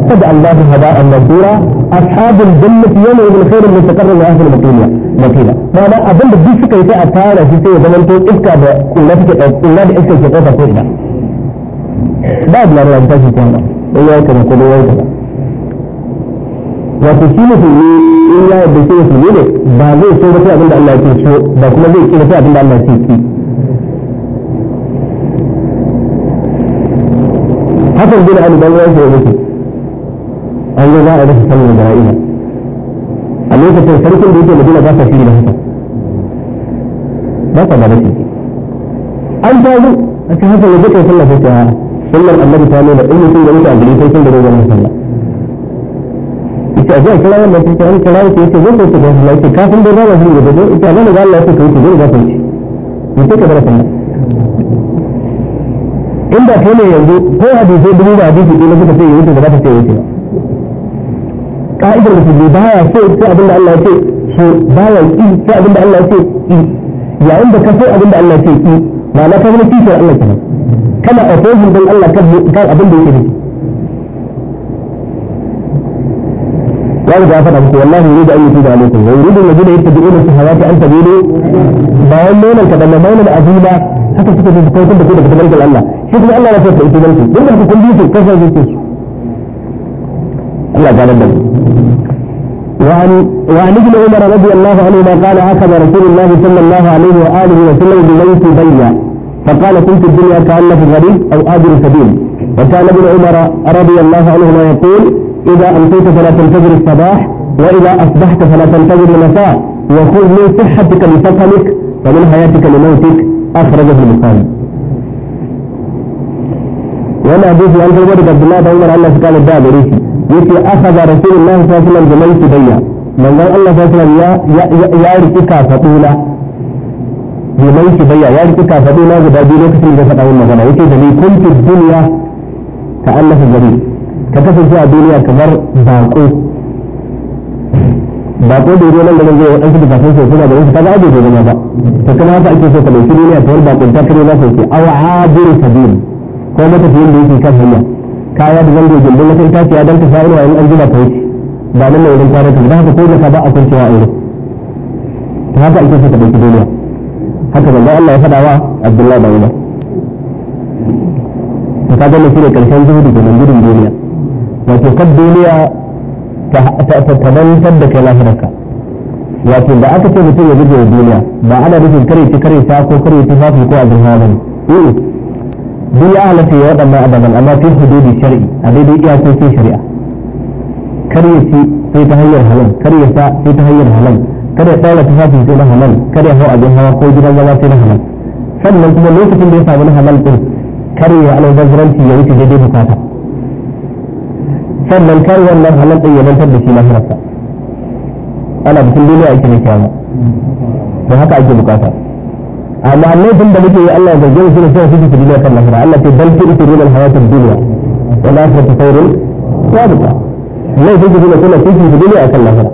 قد الله هباء مذكورا اصحاب الجنة يوم ابن الخير من تكرر لاهل المكيلة مكيلة فانا اظن بدي شكا يتاع تارا جيسي وزمن كون افكا بقلتك اولاد افكا جيسي قوتا فيه باب لا رأي انتاجي كونا وياك نقول ويجب وتسيم في إلا بسيم في الليل بعد سورة أبن الله تسيء بس ما ذي إلا أبن الله تسيء حسن بن علي بن an zo za a rufe sallar jana'iza a lokacin sarkin da yake madina ba sa shiri da haka ba sa ba da shi an ta zo a kan haka yanzu kai sallar sai ta sallar annabi ta nuna in mutum da wuta a gari sai sun gari ganin sallah ita ajiyar kira wannan sai ta an kira yake yake zai kai ta ganin yake kafin dai ba ma da zai ita zan ga Allah ya ce wuce zai ga ka wuce mutum ka bar sallah in kai ne yanzu ko hadisai dubu ba hadisi ɗaya na suka ce ya da ba ta ce ya wuce ba ka'idar musulmi baya so سوء abin da Allah ya ce so baya ki sai abin da Allah ya ce ki yayin da ka so abin da Allah ya ce ki ba na kamar kishiyar Allah kenan kana a tsohon don Allah kan abin da yake nufi قال جعفر أبو والله يريد أن يتوب عليكم ويريد الذين يتبعون الشهوات أن تبينوا بيان لولا كبنا مولا عظيما حتى تكتب في كوكب بكل بتبارك الله شوف الله لا تفعل في بلدك دون أن تكون بيوتك كيف يجب الله قال لك وعن وعن ابن عمر رضي الله عنهما قال اخذ رسول الله صلى الله عليه واله وسلم ببيت بيا فقال كنت الدنيا كانك غريب او اجر سبيل وكان ابن عمر رضي الله عنهما يقول اذا امسيت فلا تنتظر الصباح واذا اصبحت فلا تنتظر المساء وخذ من صحتك لسقمك ومن حياتك لموتك اخرجه البخاري. وانا حديث عن عبد الله بن عمر الله سبحانه وتعالى yace akhadha rasulullah sallallahu alaihi wasallam biman kidayya Allah sallallahu ya ya riki kafaduna biman kidayya ya riki guda biyu lokacin da faɗa wannan magana yake da ni kuntu dunya ka Allah gari ka kasance a duniya kamar bako bako da yake nan da zai yi da kafin sai kuma garin su kaga da zama ba to kuma haka ake so ka dauki duniya kamar bakon ta kare na sai awa abiru sabil ko matafiyin da yake kan hanya kaya da zan da gindin wata itaciya don ta sha'irwa in an zuba kai ba nan ne wurin kwanar ta da haka ko da ba a kan cewa wurin ta haka ake saka ɗauki duniya haka manzo Allah ya fada wa Abdullahi da Umar to kaga ne shine karshen zuhudi da nan gudun duniya wato kad duniya ta tabantar da kai ka wato da aka ce mutum ya gudu duniya ba ana nufin kare ta kare ta ko kare ta fafi ko azurha ba ne duk ya halatta ya waɗannan ababen amma fi hududi shari'i a daidai iyakokin shari'a kar ya ci sai ta hanyar halal kar ya sa sai ta hanyar halal kar ya tsara tufafi sai na halal kar ya hau jan hawa ko gidan zama sai na halal sannan kuma lokacin da ya samu na halal ɗin kar ya alwazaranci ya wuce daidai bukata sannan kar wannan halal ɗin ya mantar da shi lahirarsa ana bikin duniya ake da kyawa don haka ake bukata amma laifin da muke yi Allah ya zage shi sai su fi duniya kan lahira Allah ke bal ki ita ruwan hayatar duniya wala ta tsaurun sabuka laifin ki duniya kuma kike duniya akan lahira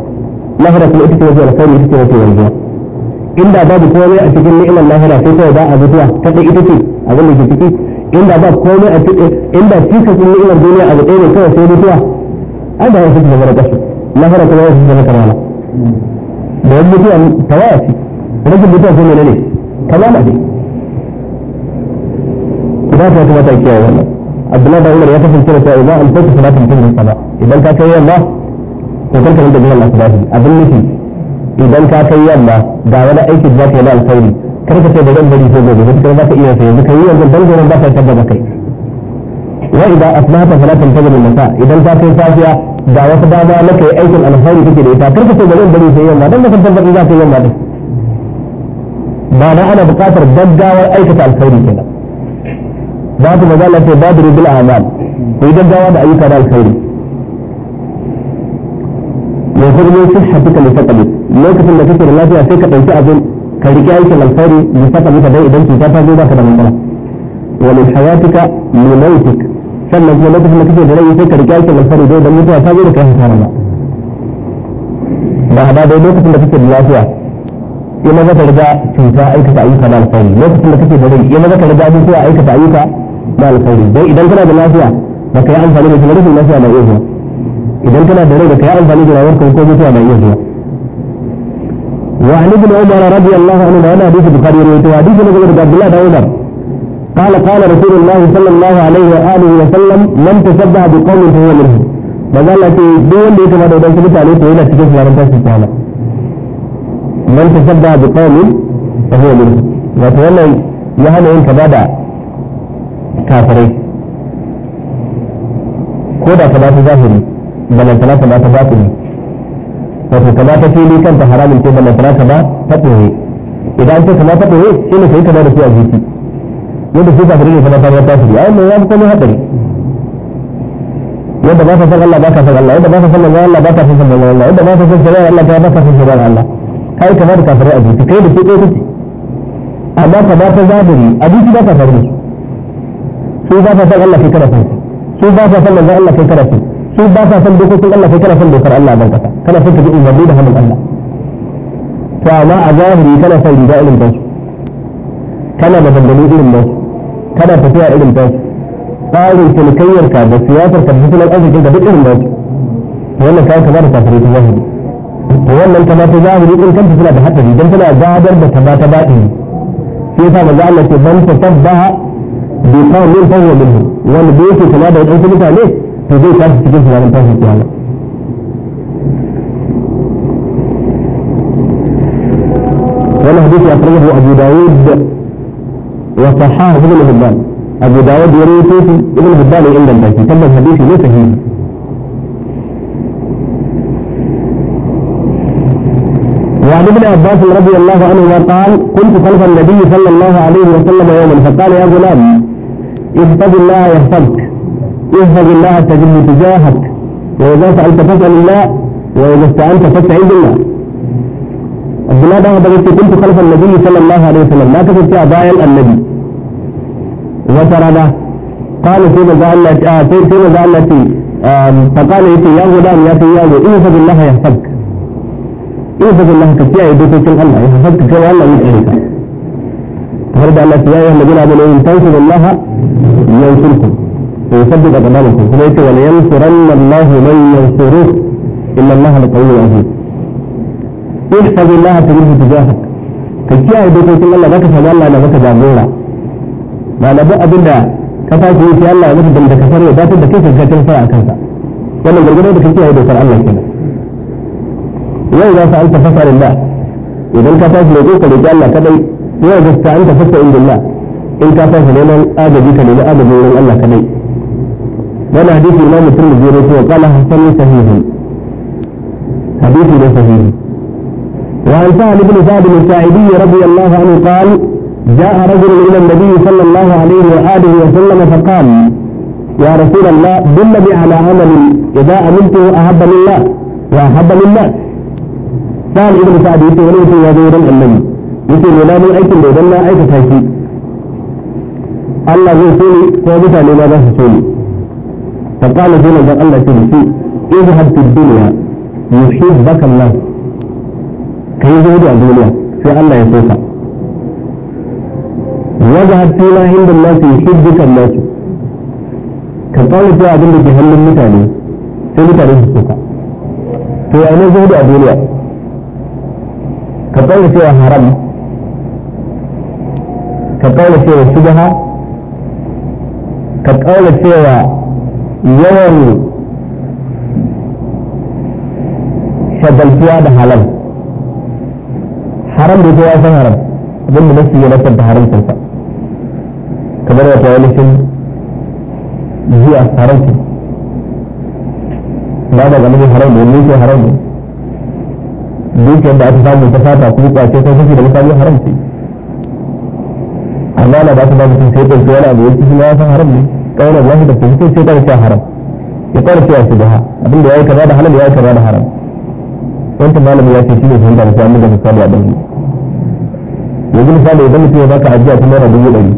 lahira kuma ita ce wajen alkhairi ita ce wajen yanzuwa inda babu komai a cikin ni'imar lahira sai kawai ba a mutuwa kada ita ce abin da ke ciki inda ba komai a cikin inda cikin ni'imar duniya abu ɗaya ne kawai sai mutuwa ai da wasu zama da kashi lahira kuma wasu zama kamala da wani mutuwa tawaya ce rajin mutuwa sai ne ne kamala ne ba ta kuma ta kiyaye wannan abdullahi da umar ya kasance da cewa idan an tafi salatin tun da sama idan ka kai yamma to kanka da biyan Allah subhanahu abin nufi idan ka kai yamma ga wani aikin da ka yi na alkhairi kar ka ce da zan bari ko gobe kuma ba ka iya sai yanzu kai yanzu dan gobe ba ka tabbata kai wa idan asbahata salatin fajr min nasa idan ka kai safiya ga wata dama na kai aikin alkhairi kake da ita kar ka ce da zan bari sai yamma dan ba ka tabbata za ka yi yamma din ma'ana ana buƙatar gaggawar aikata alkhairi kenan za ku maza lafiya badiru bil amal ku yi gaggawa da ayyuka na alkhairi mai hurmi sun shafi ka lissa kalis lokacin da kake da lafiya sai ka ɗauki abin ka riƙe aikin alkhairi lissa kalis dai idan cuta ta zo ba ka da matsala wa min hayatika li mautik sannan kuma lokacin da kake da rai sai ka riƙe aikin alkhairi dai idan mutuwa ta zo da kai hasara ba ba da dai lokacin da kake da lafiya ya maza ka riga cuta aikata ayyuka na alkhairi lokacin da kake da rai ya maza ka riga mutuwa aikata ayyuka na alkhairi don idan kana da lafiya ba ka yi amfani da shi rashin lafiya na iya zuwa idan kana da rai ba ka yi amfani da rayuwarka ko mutuwa na iya zuwa وعن ابن عمر رضي الله عنه وانا حديث البخاري رويته حديث ابن عبد الله بن عمر قال قال رسول الله صلى الله عليه واله وسلم من تشبه بقوم فهو منهم مازال في دون ديك ما دون سبت عليه فهو لا تشبه على الناس man tashabba bi qawmin fa huwa minhum wato wannan ya hana yin kaza da kafirai ko da ta ta wato kaza ta fili kanta haramun ce balantana kaza ta ɓoye idan an ce kaza ta ɓoye shi ne kai kaza da su a jiki yadda su kafirai ne kaza ta zama tasiri ai mai ya fi komai haɗari yadda ba ka san Allah ba ka san Allah yadda ba ka san Allah ba ka san Allah yadda ba ka san Allah ba ta san Allah kai kama da kafirai a jiki kai da ke ɗaya kuke amma kama ta zahiri a jiki ba ka faru su ba ka san Allah kai kana san su ba ka san manzon Allah kai kana san su ba ka san dokokin Allah kai kana san dokar Allah ban kasa kana san ka ji umarni da hannun Allah to amma a zahiri kana san riga irin dan su kana maganganu irin dan su kana tafiya irin dan su tsarin tilkayyarka da siyasarka da tattalin arzikinka duk irin dan su wannan kayan kama da kafirai ta zahiri to wannan kama ta zahiri din kanta tana da hatsari dan tana gadar da kama ta baɗi shi yasa manzo Allah ce ban tasabbaha bi qawmin fa huwa minhum wanda da yake kama da wadansu mutane to zai tashi cikin su ranar tashin kiyama wannan hadisi akhrajahu Abu Dawud wa sahahu Ibn Hibban أبو داود يروي ابن حبان عند البيت تم الحديث ليس فيه ابن عباس رضي الله عنهما قال كنت خلف النبي صلى الله عليه وسلم يوما فقال يا غلام اهتد الله يهتدك اهتد الله تجد تجاهك وإذا فعلت فاسأل الله وإذا استعنت فاستعن بالله عبد الله بن كنت خلف النبي صلى الله عليه وسلم لا تستطيع بايع النبي وترى قال سيدنا قال لك سيدنا آه، قال التي آه، فقال يا غلام يا سيدي اهتد الله يهتدك يحفظ الله كتيا يدوكم الله يحفظ كتيا الله يدعيك فرد على يا أيها الذين آمنوا إن تنصروا الله ينصركم ويثبت أقدامكم فليس ولينصرن الله من ينصره إن الله لقوي عزيز احفظ الله تجده تجاهك كتيا يدوكم الله بك فضل أنا بك جابورا ما نبأ بنا كفاك يا الله بك بنت كفر وباتت بكيف كتير فرع كذا ولا جرجنا بك كتيا يدوكم الله كذا وإذا فعلت فسر الله إذا أنت فاز لجوك لجعل كدي وإذا استعنت عند بالله إن آدى لمن لنا آدى بك لنا الله كدي وانا حديث الإمام الترمذي وقال حسن صحيح حديث صحيح وعن سهل بن سعد الساعدي رضي الله عنه قال جاء رجل إلى النبي صلى الله عليه وآله وسلم فقال يا رسول الله دلني على عمل إذا أمنته أحب لله وأحب لله قال ابن سعد يقول ولي يقول يا زيد النبي يقول ولا من أيك لو دلنا أيك تاكي الله زي سوني كوبتا لما ذا سوني فقال زينا قال الله سيدي اذهب في الدنيا يحبك الله كي زهد الدنيا في الله يسوسك واذهب فيما عند الناس يحبك الناس كقول في عبد الله جهنم مثالي في مثالي سوسك في أنا زهد الدنيا ka kaula cewa haram ka kaula cewa shubha ka kaula cewa yawan shagaltuwa da halal haram da ya san haram abin da nasu ya nasanta haramcinsa da tawalishin zuwa haramcin ba ganin haram haram dukiyar da aka samu ta fata ko kwace ko kake da misali haram ce amma na ba ta ba mutum sai ta wani abu ya kuma ya san haram ne da lahi da kuma sai ta ce haram ya ƙara ce su baha abin da ya yi kaza da halal ya yi kaza da haram wancan malami ya ce shi ne sun da mutum da misali a ɗauki yanzu misali idan mutum ya baka ajiya ta naira dubu ɗari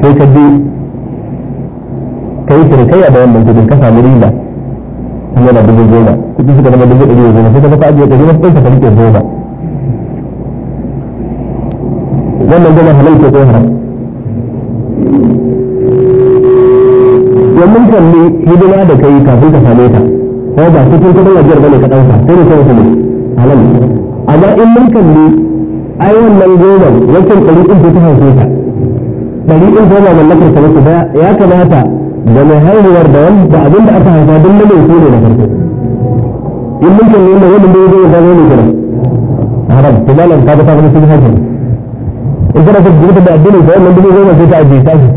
sai ka je ka yi cinikayya da wannan gudun ka samu riba yana dubu goma kuɗi suka zama dubu ɗari da goma sai ka ka ajiye ɗari na kuɗin ka rike goma wannan goma halal ko ko haram wannan kalli hidima da kai kafin ka same ta ko ba cikin kudin ajiyar bane ka ɗauka sai ne kawai kuma halal amma in mun kalli ai wannan goma wancan ɗari ɗin ta hauke ta ɗari ɗin ta ba mallakar ta ba ya kamata da mai haihuwar da wani da abin da aka haifa duk namiji ko da farko in mun kan nuna wani da ya zama ne kira haram to malam ka ga ta kuma sun haifa in kana ka gudu da addinin ka wannan dubu goma sai ta ajiye ta shi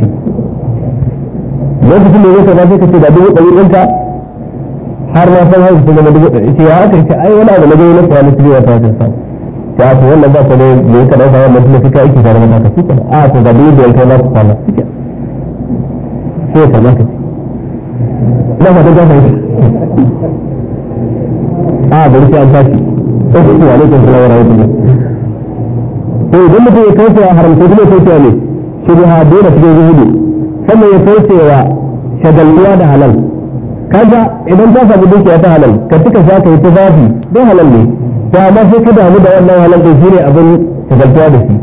lokacin da ya sai ka ce da dubu ɗari ɗinka har na san haihu sun zama dubu ɗari ce ya haka ce ai wani abu na gani na kuwa na shirya ta wajen sa ta haka wannan ba ka ne da ya wannan kuma suka aiki tare da ka suka a to da dubu ya kai na kwana suka ko ya kama ba ta gafa a an tashi assalamu alaikum wa to idan mutum ya kauce wa haramta kuma ne dole zai zuhudu sannan ya shagaltuwa da halal kaga idan ta samu dukiya ta halal ka tuka sha ka yi tufafi don halal ne to amma sai ka damu da wannan halal da shi ne abin shagaltuwa da shi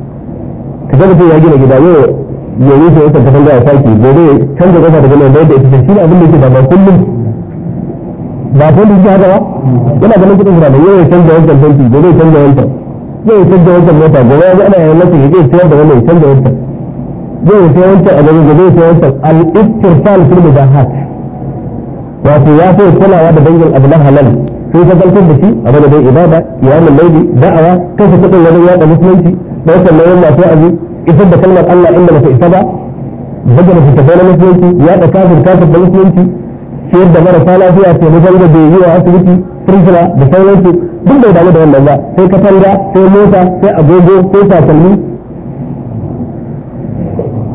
ka ya gina gida yau ya yi da wata kasan da ya sake gobe canza gaba daga nan da ita shi ne abin da yake da ba kullum ba ko da haka ba yana ganin kudin fura da yau ya canza wancan banki gobe ya canza wancan yau ya canza wancan mota gobe ya ana yayin masa ya je sayar da wannan ya canza wancan yau ya sayar wancan a gaban gobe ya sayar wancan al-ittifal fil mubahat wato ya fi kulawa da dangin abu na halal sai ka zartar da shi a madadin ibada iyamin laifi da'awa kashe kudin wajen yada musulunci da wasan nauyin masu aji isar da kalmar Allah inda ba ta isa ba bayyana fitafai na musulunci ya da kafin kafin da musulunci sayar da marasa lafiya taimakon da bai yi wa asibiti firfira da sauransu duk bai damu da wannan ba sai katanga sai mota sai agogo sai takalmi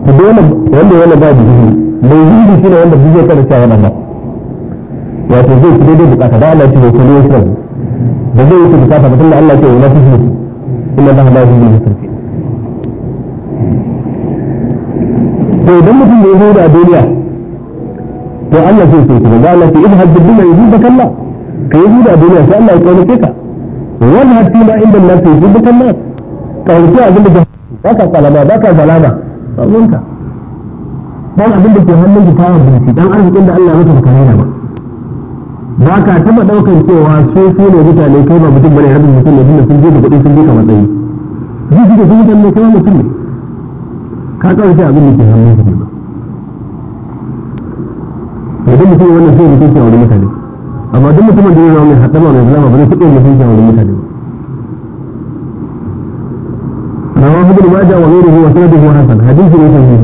da dole wanda yana ba jihiri mai jihiri shi ne wanda buje kada cewa wannan ba wato zai fi daidai bukata da Allah ce da kullu yasra da zai yi bukata ba tunda Allah ce wa la tushriku inna Allah la yuhibbu al-mushrikeen to idan mutum da ya zo da duniya to Allah sai sai kuma Allah sai idhab bil dunya yuzibaka ka yi da duniya sai Allah ya kaunace ka wannan hatta ma inda Allah sai yuzibaka Allah kaunace abin da ba ka kalama ba ka zalama sabon ka dan abin da ke hannun ki ta wajibi dan arzikin da Allah maka baka rena ba ba ka taba daukan cewa su su ne mutane kai ba mutum bane rabin mutum ne tunda sun je da kuɗi sun je ka matsayi duk da sun mutane kai mutum ne ka kawo sai abin da ke hannun ka ba idan mutum wannan sai mutum ke aure mutane amma duk mutumin da ya انا mai haɗama mai zama ba zai taɓa mutum رواه ابن ماجه وغيره وسنده حسن حديث صحيح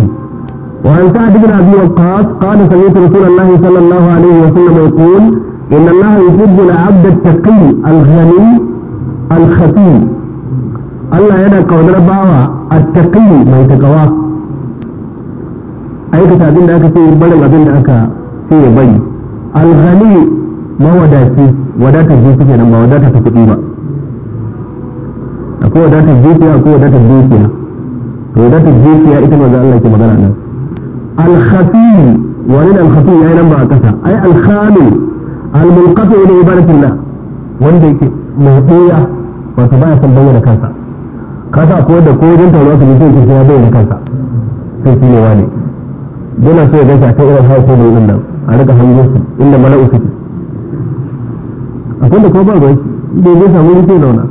وعن سعد بن ابي وقاص قال سمعت رسول الله صلى الله عليه وسلم يقول ان الله يحب العبد التقي الغني الخفي الله يدعك قدر التقي ما يتقواك aikata abin da aka ce barin abin da aka ce ya bari alhali mawadaci wadatar jinsi kenan ba wadatar ta kuɗi ba akwai wadatar ya akwai wadatar ya to wadatar ya ita maza Allah ke magana nan alhafi wani alhafi ya yi nan ba a kasa ai ne ya ila ibadatillah wanda yake mudiya wato baya son bayyana kansa kasa ko da ko wajen tauraro mutum ne sai ya bayyana kansa sai shi ne wani yana so ya shi a kan irin hawa ko mai nan a rika hanyar su inda mana ce a kan da kuma ba ruwan shi da zai samu rufe zauna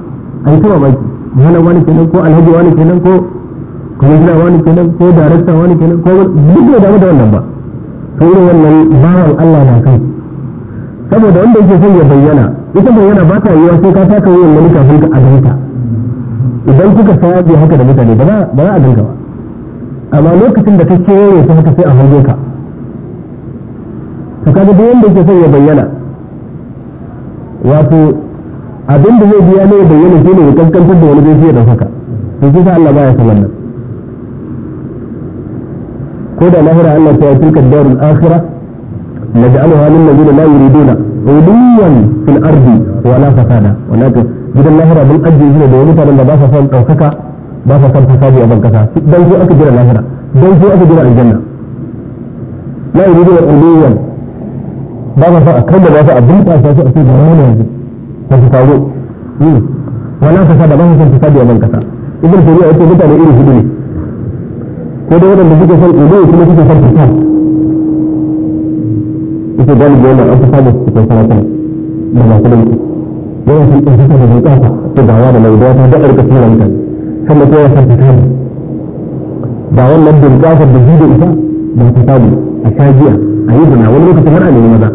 a yi ta maki malam wani kenan ko alhaji wani kenan ko kwamishina wani kenan ko darakta wani kenan ko duk bai damu da wannan ba to irin wannan bawan Allah na kai saboda wanda yake son ya bayyana ita bayyana ba ta yiwa sai ka taka wuyan wani kafin ka a ganta idan kuka sabi haka da mutane ba za a ganka ba amma lokacin da ka kewaye ta haka sai a hango ka to kaga duk wanda yake son ya bayyana wato abin da zai biya ne ya bayyana shi ne ya kaskantar da wani zai fiye da haka to shi sa Allah baya son wannan ko da lahira Allah ta yi tilka darul akhirah naj'alha lil ladina la yuriduna uluwan fil ardi wala fasada walakin gidan lahira bil ajri ne da wani mutanen da ba sa son daukaka ba ka san fasadi a ban kasa dan ko aka jira lahira dan ko aka jira aljanna la yuridu al-uliyyan ba ka san akan da ba su abin ta sai a ce da wani yanzu ka su kawo wannan fasada ba ka san fasadi a ban kasa ibn tariya yace mutane iri hudu ne ko da wadanda suke san uliyyi kuma suke san fasad ita galibi wannan an fasada da cikin sanatar da masu laifi yawan sun ɗin fasada da bunƙasa ta gawa da laudata da ƙarƙashin mutane kan da kowa san ta ba wannan dirgafar da ji da ita ba ta tabu a shagiya a yi zina wani lokacin har a nemi maza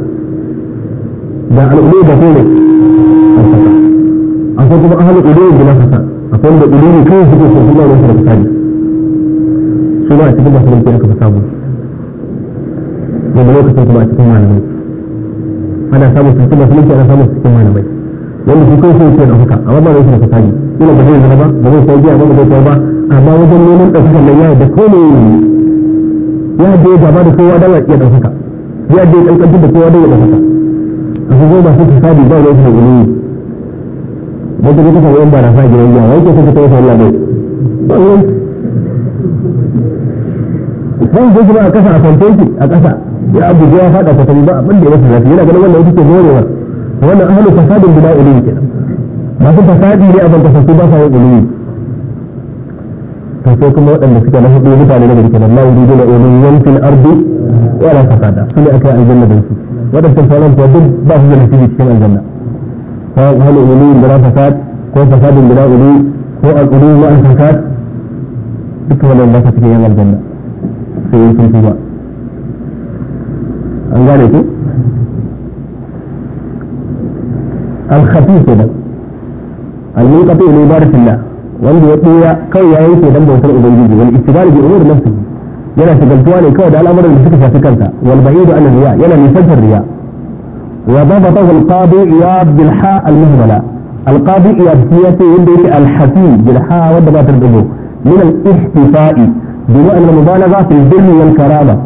da al'ulo da ne a saka a akwai kuma ahalu ulo yanzu na saka akwai wanda ulo ne kawai suke so kuma wani sarrafa tabi su ba a cikin masarufi aka fi samu wani lokacin kuma a cikin malamai ana samun cikin masarufi ana samun cikin malamai wanda su kansu yake da haka amma ba zai da fasadi ina ba zai zama ba zai sai a ba zai sai ba amma wajen neman ɗaukaka nan ya da ya da ya gaba da kowa ya ɗaukaka ya da ya da kowa ya ɗaukaka a su zo masu a ba wani da gumi ya ba yawan barasa gidan giya wani ke saka ta yasa Allah ba wani wani zai kuma a kasa a a kasa ya abuja ya faɗa ta ba abin da ya rasa lafiya yana ganin wannan ita ke wannan ahlul fasadin bila ke kenan masu fasadi ne abin kasance ba sa yin ulumi to sai kuma waɗanda suke na hudu mutane daga cikin Allah yuri dole ulum yankin ardi wala fasada su ne yi aljanna da su waɗanda sauran kuwa duk ba su da nasibi cikin aljanna ko ahlul ulumi bila fasad ko fasadin bila ulumi ko al'ulu na ma al-fasad duk wannan ba su cikin aljanna sai yankin tuba an gane ku الخفيف ده المنقطع لعبادة الله وأن يطيع كوي يعيش يدمج وصل أبنجيج والاتبال بأمور نفسه يلا سجلتواني كوي ده الأمر اللي سكت فكرته والبعيد عن الرياء يلا اللي يسجل الرياء وضبطه القاضي إياد بالحاء المهملة القاضي إياد سياسي يدري الحفيف بالحاء والضبط الضبو من الاحتفاء بناء المبالغة في البر والكرامة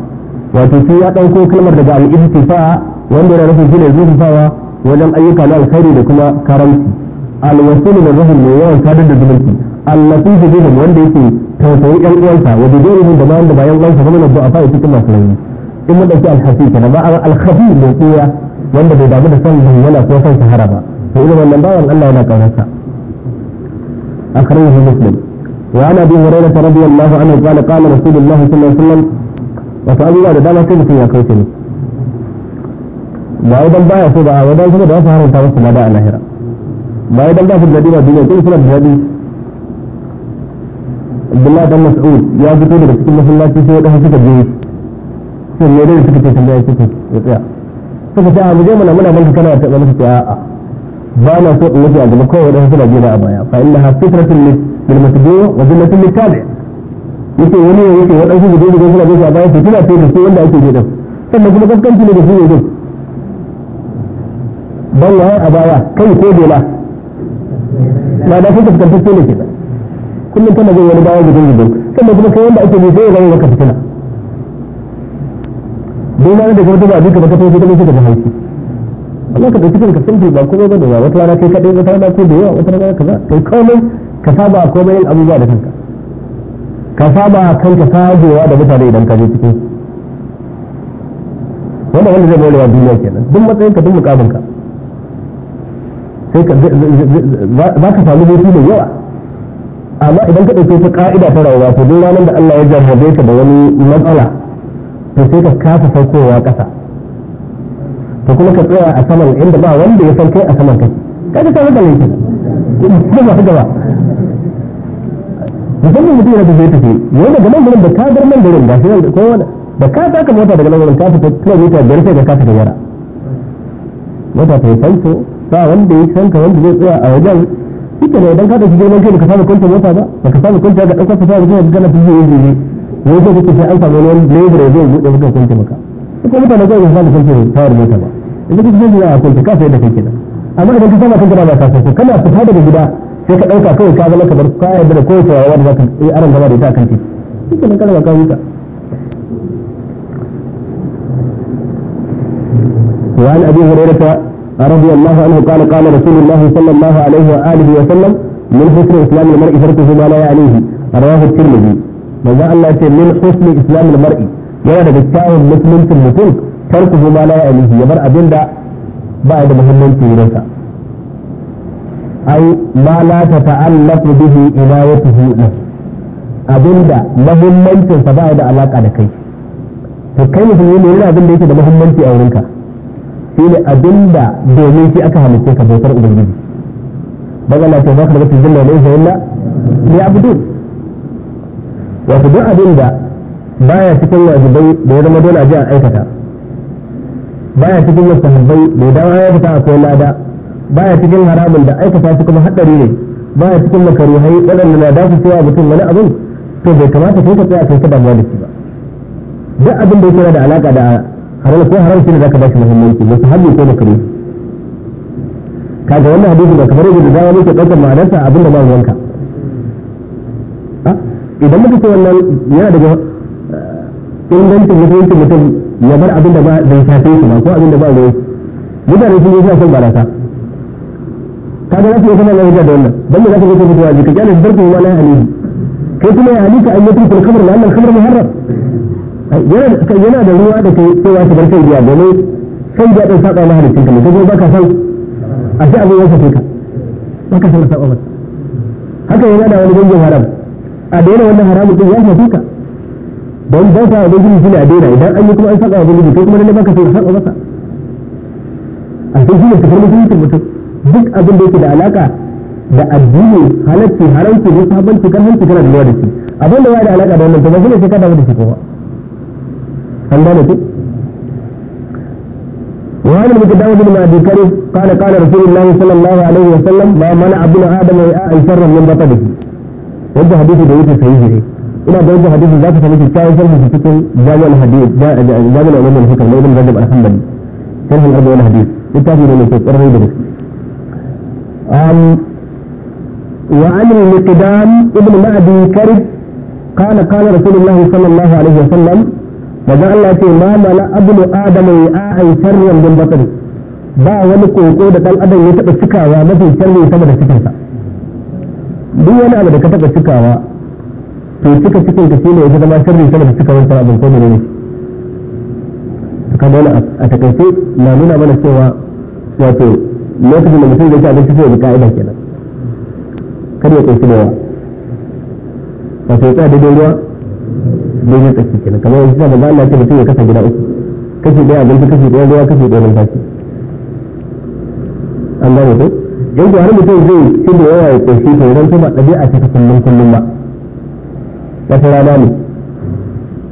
وتسيئة أو كل مرة الاحتفاء وأن يرى رفع جيل الاحتفاء wajen ayyuka na alkhairi da kuma karamci alwasilu da rahim mai yawan sadar da zumunci allatifu bihim wanda yake tausayi yan uwansa wa bidurihim da bayan da bayan uwansa kuma na du'afa cikin masu rauni in mun dauki alhafi kana ba a alkhafi mai koya wanda bai damu da san bayyana ko son sahara ba to irin wannan bawan Allah yana kaunarsa akhrajahu muslim وعن ابي هريره رضي الله عنه قال قال رسول الله صلى الله عليه وسلم وسأل الله دعنا كيف يا ne. ba wai dan baya so ba wai dan kuma da ya fara ta wasu lada a lahira ba wai dan ba su da dina duniya kin suna da hadi Abdullah dan Mas'ud ya fito daga cikin masallaci sai wadanda suka je sai ne dai suka ce tambaya suka ya tsaya suka ce a mu je mana muna banka kana ta zama ta a'a ba na so in nake a gaba kawai wadanda suna jira a baya fa innaha fitratun lil masjid wa zillatun lil tabi' yake wani yake wadansu da dole suna jira a baya fitina ce da su wanda ake jira sannan kuma kaskanci ne da su ne dai don waye a baya kai ko bela ba da kuka fuskantar sai ne ke ba. kullum kana zai wani baya gidan gidan sannan kuma kai wanda ake bi sai ya zama maka fitina dai na da gwamnati ba duka maka tafi kuma suka zama shi Allah ka dauki ka sun ba komai bane ba wata rana kai kadai wata rana ko da yawa wata rana kaza kai komai ka saba komai yin abubuwa da kanka ka saba kanka sajewa da mutane idan ka je cikin Wanda wanda zai molewa duniya kenan duk matsayin ka duk mukamin ka sai ka za ka samu hutu da yawa amma idan ka ɗauke ta ka'ida ta rayuwa to duk ranar da Allah ya jarrabe ka da wani matsala to sai ka kasa saukowa ƙasa to kuma ka tsaya a saman inda ba wanda ya san kai a saman kai ka kaga ta da laifi kuma ba gaba musamman mutum yana tafiye tafiye yau daga nan gurin da ka bar nan gurin gashi nan ko wani da ka taka mota daga nan gurin ka fita kilomita biyar sai ka kasa ka yara mota ta yi fanto ba wanda ya san ka wanda zai tsaya a wajen ita ne idan ka dauki girman kai ka samu kwanta mota ba ba ka samu kwanta ga daukar sai ka gana fiye yin rere ne sai kake sai an samu wani lebura zai bude maka kwanta maka ko kuma mutane zai ga samu kwanta tawar mota ba idan ka zai ya kwanta ka sai da kake da amma idan ka samu kwanta ba ka sai kana fita daga gida sai ka dauka kai ka zama kamar ka yi da kowace yawa da zaka yi aran gaba da ita kan titi duka ne kana ka wuta وعن ابي هريره رضي الله عنه قال قال رسول الله صلى الله عليه وآله وسلم من حسن إسلام المرء ما لا يعنيه رواه الترمذي ماذا الله من حسن إسلام المرء ba da da kai to kai mutum ne yana abin da yake da a wurinka shi ne abinda domin shi aka halitta ka bautar ubangiji daga na ce zaka rubuta jinna ne sai illa ne abdu wato duk abinda baya cikin wajibai da ya zama dole a ji a aikata baya cikin wasu mustahabbai da ya fita aikata akwai lada baya cikin haramun da aikata su kuma haɗari ne baya cikin makaruhai waɗanda na dafa cewa mutum wani abin to bai kamata kai ka tsaya kai ka damuwa da shi ba duk abin da yake da alaka da haram ko haram shi ne zaka bashi muhimmanci wasu hajji ko Ka kaga wannan hadisi ba kamar yadda dawa muke daukar ma'anarsa abin da ba wanka idan muka ce wannan yana daga ingancin mutunci mutum ya bar abin da ba bai shafe shi ba ko abin da ba ruwa mutane sun yi son barasa kaga ga su yi kana na hujja da wannan dan me za ka zo ka fito waje ka kyale barkin wala halihi kai kuma ya halika an yi turkul kamar la'annal kamar muharram yana da ruwa da kai cewa ka barka biya domin kai da ɗan saba mahalicin ka ne kaje baka san a shi abin yasa kai baka san saba masa haka yana da wani dangin haram a daina wannan haramun din ya shafe ka don ba ta da gini ne a daina idan an yi kuma an saba wa gini kai kuma ne baka san saba masa a sai shine tafar mutuncin mutum duk abin da yake da alaka da addini halarci haramci musabanci kan hanci kana da ruwa da shi abin da ya da alaka da wannan to ba shine sai ka damu da shi kowa سندانتي وعن ابن داود بن ابي كريم قال قال رسول الله صلى الله عليه وسلم ما منع ابن ادم ان شر من بطنه وجه حديث بيت صحيح الى وجه حديث ذات سنه كان في سكن جامع الحديث جامع العلوم الفكر لابن رجب الحمد شرح الارض والحديث لتابع من الفكر الرغيب بن وعن المقدام ابن ابي كريم قال قال رسول الله صلى الله عليه وسلم maza Allah ce ma mala abnu adama ya a'ai sharran bin basari ba wani koko da dan adam ya taba cikawa mafi sharri sama da cikinsa duk wani abu da ka taba cikawa to cika cikin ka shine ya zama sharri sama da cikawar sa abin ko menene kamar a takaice na nuna mana cewa wato lokacin da mutum zai ci abinci sai ya bi ka'ida kenan kar ya kunshi da yawa wato ya tsaya daidai ruwa don yin tsaki kenan kamar yanzu da ba Allah ce mutum ya kasa gida uku kashi ɗaya abinci kashi ɗaya ruwa kashi ɗaya numfashi an gane ko yanzu har mutum zai ci da yawa ya ƙoshi to idan kuma ɗabi'a ce ta kullum kullum ba wata rana ne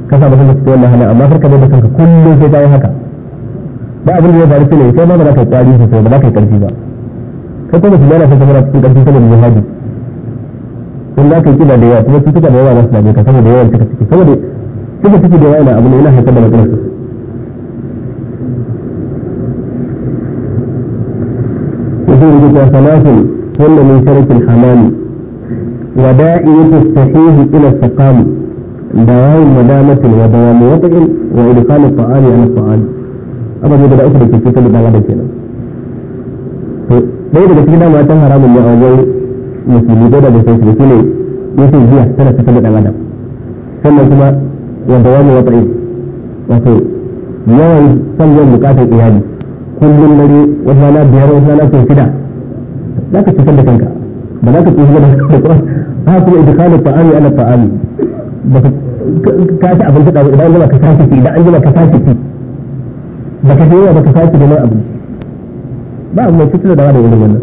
ka samu kanka cikin wannan hali amma kar ka da kanka kullum sai ta yi haka ba abin da ya faru shi ne sai ma ba za ka yi ƙwari sosai ba za ka yi ƙarfi ba kai kuma su lalata kamar a cikin ƙarfi sanin muhajir in za ka yi kiba da yawa kuma cutuka da yawa za su dame ka saboda yawan cika ciki saboda cika ciki da yawa yana abu ne yana haifar da matsalar يقول لك ثلاث كل من شرك الحمام ودائية الصحيح إلى السقام دوام مدامة ودوام وطئ وإدخال الطعام على الطعام أما إذا بدأت بك في كل بلد كده ليه بدأت كده ما تنهر من يعوضي musulmi ko da bai shi ne shine yake biya tana fitar da dan sannan kuma wanda wani wata ne wato yawan san bukatar iyali kullum dare wasu rana biyar wasu rana sau shida za ka fitar da kanka ba za ka fitar da kanka ba kuma idkhalu ta'ami ala ta'ami ba ka ci abinci da idan zama ka tashi ci idan an zama ka tashi ci ba ka yawa ba ka tashi da mai abinci ba amma fitar da wani irin wannan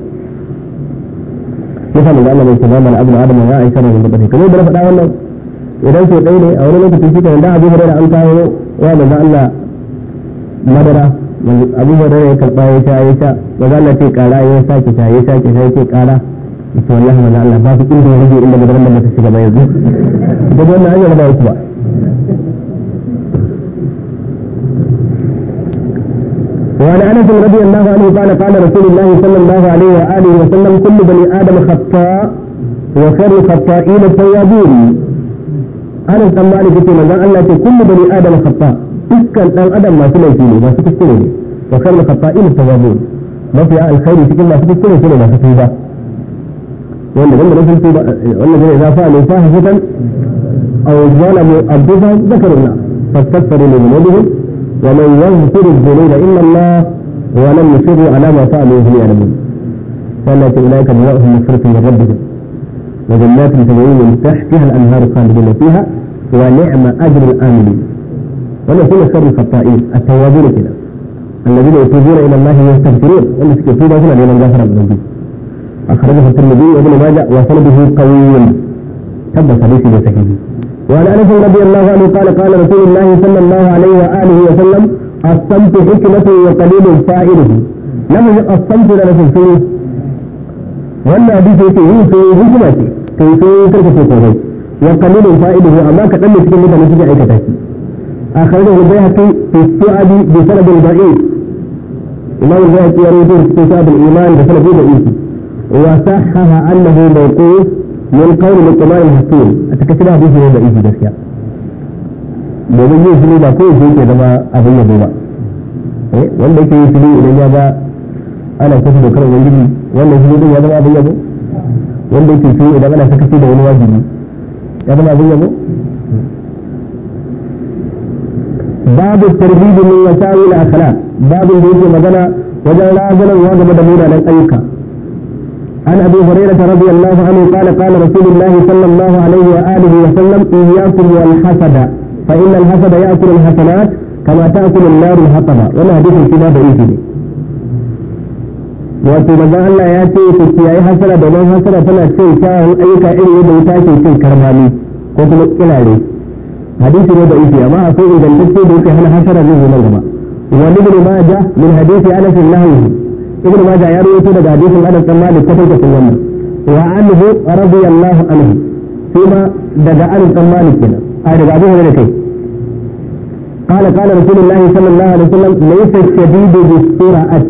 yasa ga Allah bai sallama na abin adam ya aika da wanda bai kamar da faɗa wannan idan sai dai ne a wani lokaci shi kan da Abu Hurairah an kawo wa manzo Allah madara Abu Hurairah ya karba ya sha ya sha manzo Allah sai kara ya sake sha ya sake ta sai kara ita wallahi manzo Allah ba su inda ya rage inda madaran da ta shiga ba yanzu da wannan an yi ba ba وعن انس رضي الله عنه قال قال رسول الله صلى الله عليه واله وسلم كل بني ادم خطاء وخير الخطائين التوابون انا كان مالك في مجال الله كل بني ادم خطاء تلك الان ادم ما في ليس لي ما في كل وخير الخطائين التوابين. ما في اهل خير في كل ما في كل كل ما في كل ولا لما نزل في ولا جاء إضافة لفاه أو ظلم أبوه ذكر الله فاستغفر لذنوبهم ومن يغفر الذنوب إلا الله ولم يصروا على ما فعلوا وهم يعلمون فالتي أولئك جزاؤهم مغفرة من ربهم وجنات تجري من تحتها الأنهار خالدين فيها ونعم أجر الآمنين ولا يكون شر الخطائين التوابون كده الذين يتوبون إلى الله ويستغفرون ولا يتوبون هنا لمن غفر الذنوب أخرجه الترمذي وابن ماجه وسنده قوي تبت صديقي بسكينه وعن انس رضي الله عنه قال قال رسول الله صلى الله عليه واله وسلم الصمت حكمته وقليل فائده لم الصمت في تنسوه وانا بيتي في في حكمتي في في كيف تقول وقليل فائده اما كتم في مدى نتيجه اي كتاتي اخرجه البيهقي في السؤال بسند ضعيف الله البيهقي يريد في كتاب الايمان بسند ضعيف وصحح انه موقوف min qawli bi tamam hasil a take da hadisi ne da ihi gaskiya domin yin shiru ba kawai sai ke zama ba wanda yake yin shiru idan ya ga ana kasu dokar ubangiji wannan shiru din ya zama abin yabo wanda yake shiru idan ana sakaci da wani wajibi ya zama abin yabo باب الترغيب من وسائل الاخلاق باب da yake magana wajen razanarwa game da munanan ayyuka عن أبي هريرة رضي الله عنه قال قال رسول الله صلى الله عليه وآله وسلم إياكم والحسد فإن الحسد يأكل الحسنات كما تأكل النار الحطب ولا حديث كما بعيد لي وفي مزاع الله يأتي في السياء حسد دون حسد فلا تكون شاهد أي كائن يبن تاكي في الكرماني وكل إلالي حديث ما بعيد لي أما أقول إذا لم تكتبوا في حسد ذي زمان ومن ما جاء من حديث أنس النهي ابن ماجه يروي في حديث الله صلى الله عليه وسلم وعنه رضي الله عنه فيما دجا عن الثمان كنا هذا بعده قال قال رسول الله صلى الله عليه وسلم ليس الشديد بالسرعة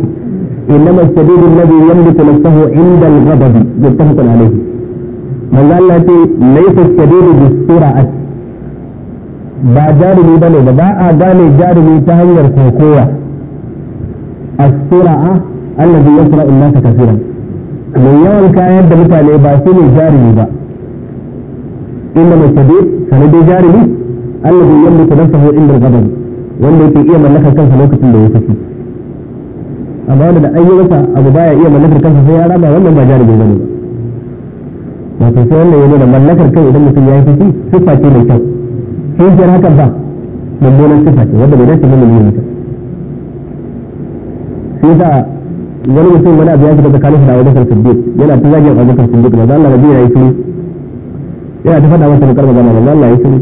إنما الشديد الذي يملك نفسه عند الغضب متفق عليه من قال ليس الشديد بالسرعة بعد ذلك بعد ذلك جاري من تهجر السرعة الذي يسرع الناس كثيرا من يوم كان يبدا مثال ايه باسيل جاري با انما الكبير سندي جاري الذي يملك نفسه عند الغضب والذي في ايام لك كان في الوقت اللي يفتي اما ان اي وقت ابو بايا ايام لك كان في ارابا ولا ما جاري بيزن ما تقول لي انه من لك كان يدمك في ايام فتي صفاتي لك كيف جراك با من دون صفاتي وبدا بدا تمام اليوم كيف wani mutum wani abu ya shiga tsakanin shi da abubakar siddiq yana ta zagin abubakar siddiq manzo Allah lalabi ya yi shiru yana ta fada masa bakar magana manzo Allah ya yi shiru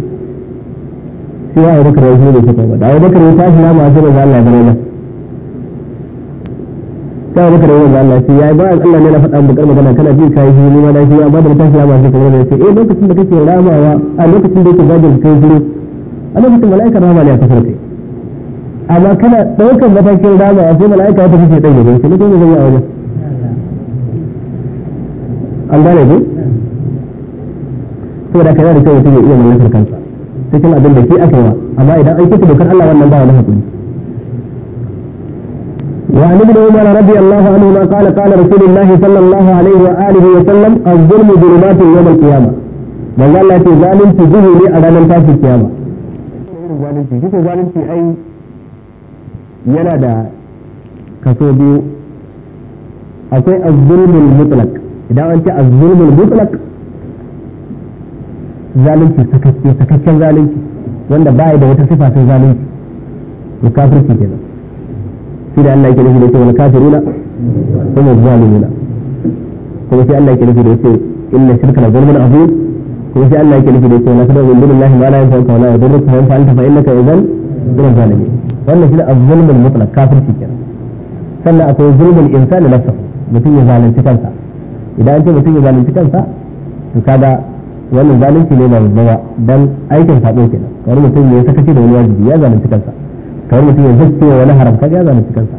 shi ya abubakar ya shiru da shi kuma da abubakar ya tashi na ma sai manzo lalabi ya bare sai abubakar ya manzo lalabi ya yi ba a Allah ne na faɗa bakar magana kana jin kai shi ne ma da shi amma da tashi na ma sai ya ce eh lokacin da kake ramawa a lokacin da kake zagin kai shiru a lokacin mala'ikar ramawa ne a kafar kai amma kana ɗaukar matakin rama a sai mala'ika ya tafi shaitan ya bai mutum zai yi a wajen an gane ku saboda kana da kyau mutum ya iya mallakar kansa cikin abin da ke aka yi amma idan an kike dokar Allah wannan ba wani hakuri وعن ابن عمر رضي الله عنهما قال قال رسول الله صلى الله عليه واله وسلم الظلم ظلمات يوم القيامه من قال لا تظالم تجيه لي على من تاتي القيامه yana da kaso biyu akwai azulmul mutlak idan an ce azulmul mutlak zalunci sakakke sakakken zalunci wanda baya da wata sifa sai zalunci to kafirci kenan shi da Allah yake nufi da yake wal kafiruna kuma zalimuna kuma sai Allah yake nufi da yake inna shirka la zulmun azim kuma sai Allah yake nufi da yake la tad'u min dunillahi ma la yanfa'uka wa la yadurruka fa in fa'alta fa innaka idhan min zalimin wannan shi ne azzulmul mutlaq kafirci kenan sannan akwai zulmul insani nafsahu mutum ya zalunci kansa idan an ce mutum ya zalunci kansa to kaga wannan zalunci ne ba babba dan aikin sabo kenan kamar mutum ya sakace da wani wajibi ya zalunci kansa kamar mutum ya zacce wa wani haram kaga ya zalunci kansa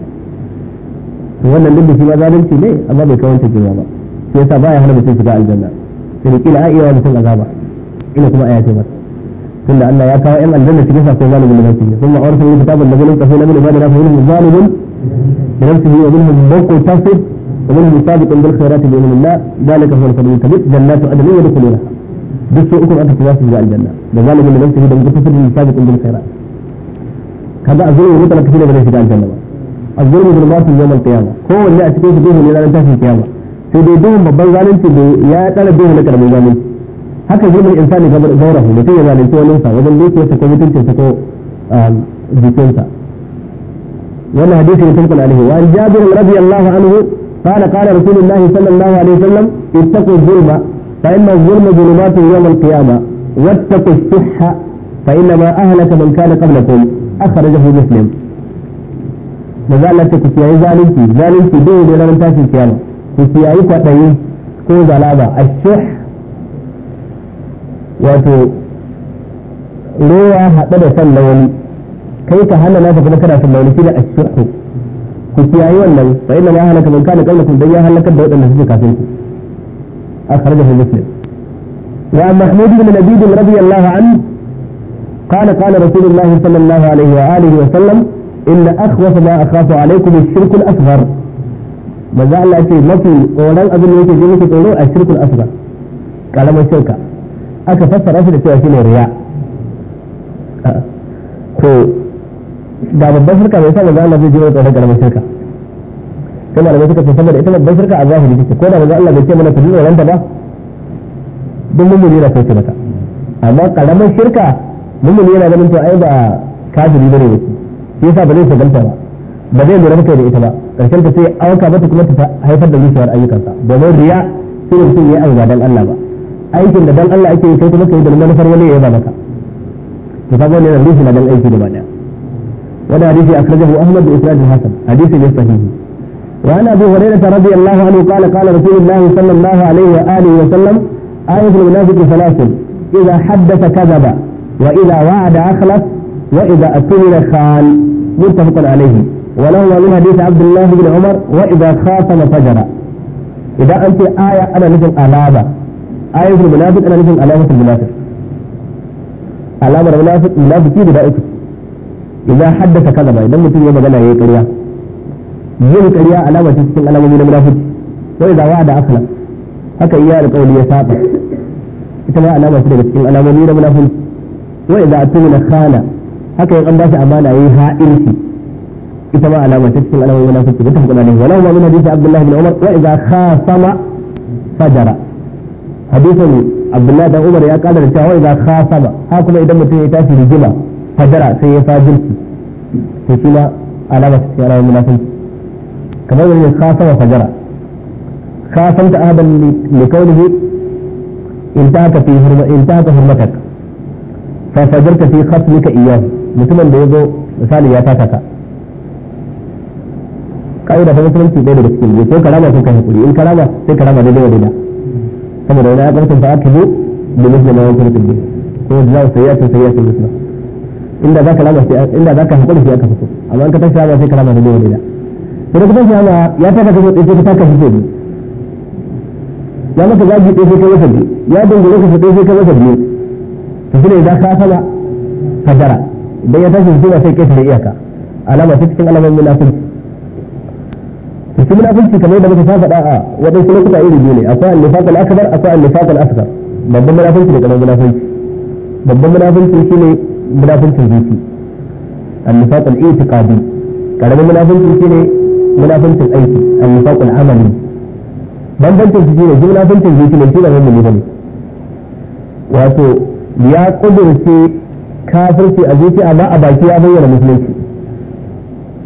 to wannan duk da shi ma zalunci ne amma bai kawanta girma ba shi yasa baya hana mutum shiga aljanna sai kila a iya mutum azaba ina kuma aya ce masa كل أن يركع إلا الجنة كيف أكون ظالم لنفسه ثم أورث من الكتاب الذين كفوا لمن أبان لا فهمهم ظالم لنفسه ومنهم موقع تاسد ومنهم سابق بالخيرات بإذن الله ذلك هو الفضل الكبير جنات أدنى ودخلوها دسوءكم أنت تواسد على الجنة لظالم لنفسه بل تفسد سابق بالخيرات هذا أظلم مثل كثير من الناس الجنة الظلم من الله يوم القيامة هو اللي أتكيه بيه من الأنتاج القيامة في بيدهم ببضل ظالم في بيه يا تلبيه لك الميزانين haka zai mai insani gabar gaurahu mutum ya zalunci wani sa wajen dukiyarsa ko mutuncinsa ko jikinsa wannan hadisi ne tabbata alaihi wa an jabir radiyallahu anhu قال قال رسول الله صلى الله عليه وسلم اتقوا الظلم فإن الظلم ظلمات يوم القيامة واتقوا الصحة فإنما أهلك من كان قبلكم أخرجه مسلم da za Allah ta ku kiyaye zalunci zalunci dole ne ranar tashin kiyama ku kiyaye kwaɗayi ko zalaba ashuh wato ruwa haɗe da san launi kai ka hana naka kuma kana san launi shine ashirku ku kiyaye wannan fa inna ma halaka man kana qablakum dan ya halaka da wadannan suke kafin ku akhrajahu muslim wa mahmud bin labid radiyallahu anhu قال قال رسول الله صلى الله عليه وآله وسلم إن أخوف ما أخاف عليكم الشرك الأصغر ماذا الله يقول ما في أولا أظن يقول الشرك الأصغر قال ما شركه aka fassara shi da cewa shine riya to da babban shirka bai sa manzo Allah zai ji jira tsoron karamar shirka kuma da suka ce da ita babban shirka a zahiri take ko da manzo Allah bai ce mana ku ji tsoron ta ba duk mummuni yana sauke mata amma karamar shirka mummuni yana ganin to ai ba kafiri bane ne shi yasa ba zai shagalta ba ba zai lura maka da ita ba karshen ta sai auka mata kuma ta haifar da rushewar ayyukansa domin riya sai mutum ya yi dan Allah ba aikin da dan Allah ake yi kai kuma kai da manufar wani ya ba maka to kaga wannan hadisi na dan aiki gaba daya wannan hadisi akhrajahu Ahmad bin Isnad al-Hasan hadisi ne sahihi وعن ابي هريره رضي الله عنه قال قال رسول الله صلى الله عليه واله وسلم آية المنافق ثلاث إذا حدث كذب وإذا وعد أخلف وإذا أتمن خان متفق عليه ولهما من حديث عبد الله بن عمر وإذا خاصم فجر إذا أنت آية أنا مثل ألابة ayatul munafiq ana nufin alamatul munafiq alamar munafiq munafiki guda uku idan haddasa kadaba idan mutum ya magana yayi ƙarya yin ƙarya alama ce cikin alamomi na munafiki ko idan wa'ada akala haka iya alƙawari ya saba ita ma alama ce daga cikin alamomi na munafiki wa idan atumina khana haka in an ba shi amana yayi ha'irci ita ma alama ce cikin alamomi na munafiki da ta hukuna ne wala ma min hadisi abdullahi bin umar wa idan khasama fajara hadisin abdullahi dan umar ya kada da cewa idan khasaba ha kuma idan mutum ya tashi rigima fadara sai ya fajirci to shi ma alama ta cikin alamun munafiki kamar yadda khasaba fajara khasanta ahadan li qawlihi intaka fi hurma intaka hurmatak fa fajarta fi khasmika iyyahu mutumin da yazo misali ya taka ka kai da fa musulunci ɗaya daga cikin bai so karama sai ka hakuri in karama sai karama daidai wa daidai saboda wani akwai fa aka zo da mutum ma yankin kudi ko da za su sayi asin sayi asin mutum inda za ka lama inda za ka hakuri sai aka fito amma in ka tashi hama sai ka lama da wani da sai ka tashi hama ya taka ka zo ɗaya sai ka taka fito biyu ya maka zagi ɗaya sai ka masa biyu ya dangane ka ɗaya sai ka masa biyu to shi ne za ka fala kadara idan ya tashi fito ba sai kai ta iyaka alama ta cikin alamomin munafiki shi munafunci kamar da muka saba da'a waɗansu lokuta iri biyu akwai annifaq al-akbar akwai annifaq al-asghar babban munafunci da karamin munafunci babban munafunci shine munafuncin zuci annifaq al-i'tiqadi karamin munafunci shine munafuncin aiki annifaq al-amali bambancin su shine shi munafuncin zuci ne shi da mun ne wato ya kudurce kafirci a zuci amma a baki ya bayyana musulunci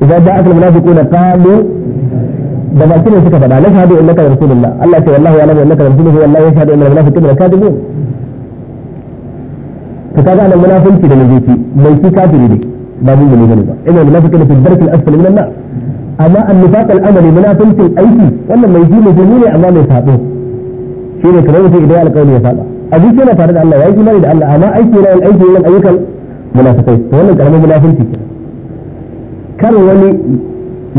idan da'at al-munafiquna qalu da baki ne suka faɗa la shahadu innaka rasulullah Allah ce wallahu ya'lamu innaka rasuluhu wallahu yashhadu innal munafiqina kadibun to kaga nan munafinci da nazuci mai shi kafiri ne ba mun gani bane ba innal munafiqina fi dharki al-asfali min an-nar amma an-nifaq al-amali munafincin aiki wannan mai shi ne ne amma mai sabo shi ne kamar mutum idan alƙawari ya saba a zuciya na tare da Allah ya yi imani da Allah amma aiki na yin aiki yin ayyukan munafikai to wannan karamin munafinci kar wani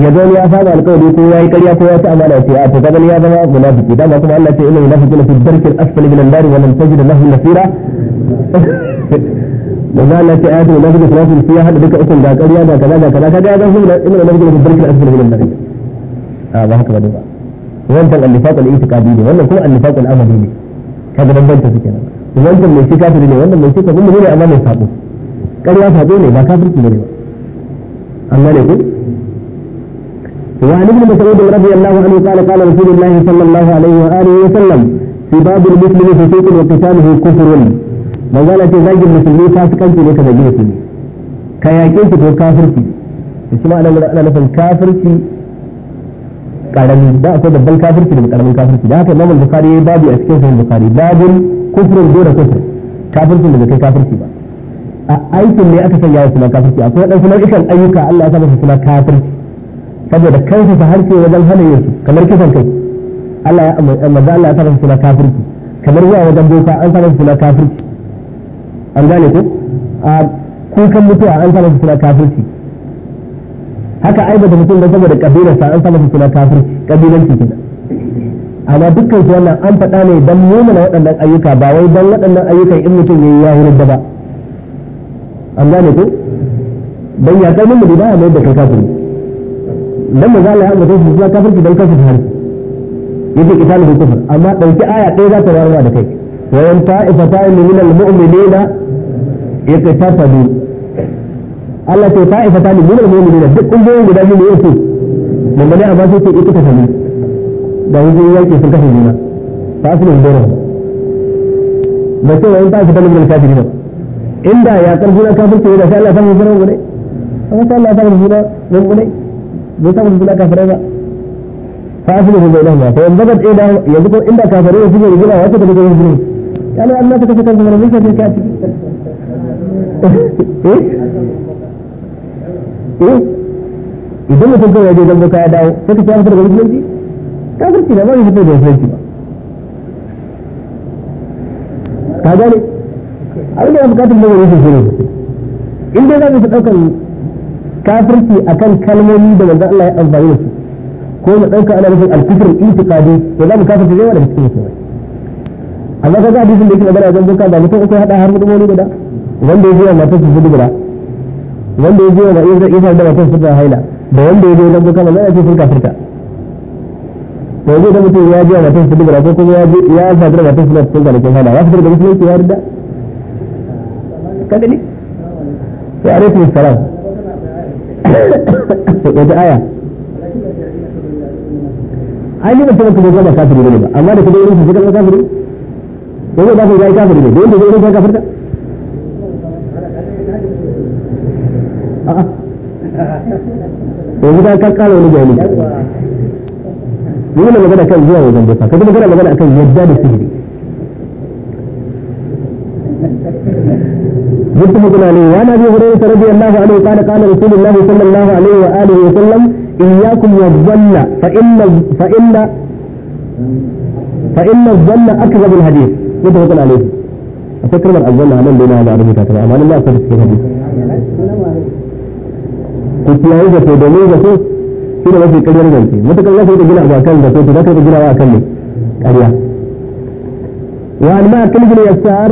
ya zo ya fara alƙawari ko ya yi ƙarya ko ya ci amana ce a to kaga ya zama munafiki dama kuma Allah ce inna munafiqina fi darkil asfali min an-nar wa lan tajid lahu nasira da za Allah ce ayatu munafiqi salatu fi ya hada duka ukun da ƙarya da kaza da kaza kaga ya zama inna munafiqina fi darkil asfali min an-nar a ba haka ba ne ba wannan al-nifaq al-i'tiqadi ne wannan kuma al-nifaq al-amali ne kaga bambanta su kenan wannan mai shi kafiri ne wannan mai shi kafiri ne amma mai sabo ƙarya sabo ne ba kafirci ne ba amma ne ko وعن ابن مسعود رضي الله عنه قال قال رسول الله صلى الله عليه واله وسلم في باب المسلم فسوق وقتاله كفر ما زال تزاج المسلمين فاسقا في لك زجيته كياكيك تو كافرتي اسمع انا انا نفهم كافرتي karami da akwai babban kafirci da karamin kafirci da haka imam bukhari yayi babu a cikin sahih bukhari babin kufrun dole kufr kafircin da bai kai kafirci ba a aikin ne aka sanya wa suna kafirci akwai wadansu nau'ikan ayyuka Allah ya sa masa suna kafirci saboda kansa ta harshe wajen hana yin kamar kisan kai Allah ya manzo Allah ya saka suna kafirci kamar zuwa wajen boka an saka suna kafirci an gane ko a kukan mutuwa an saka suna kafirci haka aibata mutum da saboda kabilarsa an saka suna kafirci kabilanci kenan amma dukkan su wannan an faɗa ne don mumuna waɗannan ayyuka ba wai don waɗannan ayyukan in mutum ya yi ya wurin ba an gane ko don ya kai mun da ba ya mai da kai kafiri dan manzo Allah ya ambata shi zuwa kafirci dan kafir hari yace kitabu kufr amma dauki aya ɗaya za ta warwa da kai wa yan ta'ifatan min al-mu'minina iqtafadu Allah ta ta'ifatan min al-mu'minina duk kungiyoyin guda biyu ne yake dangane amma sai ce iqtafadu da hujjoji yake sun kashe juna fa aslu dora ba ce wa yan ta'ifatan min al-kafirina inda ya karfi na kafirci da sai Allah ya fahimta ne amma sai Allah ya fahimta ne bai samu su kafirai ba fa aslihu bainahuma fa in bagat ila yanzu ko inda kafirai suke rigima wace ta kaje rigima kana Allah ta kafa kansa mun sai ka ci eh eh idan mutum kawai je dan boka dawo sai ka ci an fara rigima kafirci da ba fito da musulunci ba ka gane abin da ya bukatun da wani shi ne in dai za mu fi ɗaukar kafirci akan kalmomi da manzon Allah ya amfani da su ko mu dauka ana nufin al-kufr intiqadi to za mu kafirci zai wanda cikin musulmai amma kaga hadisin da yake magana wajen boka ba mutum uku hada har mutum wani guda wanda ya jiya matar su guda wanda ya jiya ma'in zai isa da su da haila da wanda ya jiya boka zai ce sun kafirta to zai da mutum ya jiya matar su guda ko kuma ya je ya sadar matar su da cikin kwanakin haila ya fitar da musulunci ya rida kaga ne sai alaikum salam wata aya ai ne zama kafiri ba amma da kuma irin su da kafiri ko ba ka yi kafiri ne don da ka kafirta yanzu ka kakkara wani jahili yi magana kan zuwa wajen boka ka yi magana magana akan yadda da sihiri متفق عليه وعن ابي هريره رضي الله عنه قال قال رسول الله صلى الله عليه واله وسلم اياكم والظن فان فان فان الظن اكذب الحديث متفق عليه أفكر من الظن أنا بين هذا عرفي كاتبا على لا أفكر في الحديث قلت يا إذا في دومين جسو شنو وفي كجر جنسي متكلم لا سيد جناح وأكل جسو تذكر جناح وأكل لي قال يا وعن ما أكل جناح يسار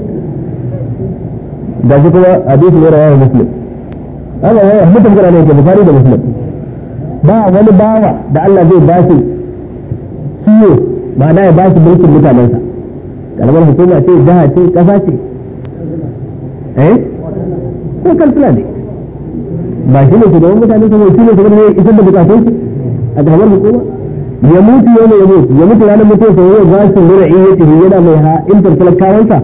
ga shi kuma hadisi ne rawahu muslim Allah ya mutu kana ne ke bukari da muslim ba wani bawa da Allah zai ba shi ciwo ma'ana ya ba shi mulkin mutanensa karamar hukuma ce jiha ce kasa ce eh ko kalkula ne ba shi ne shugaban mutane kuma shi ne shugaban ne isar da bukatun shi a karamar hukuma ya mutu yau ne ya mutu ya mutu ranar mutuwa sai ya ba shi mura'i ya ce yana mai ha'intar talakawansa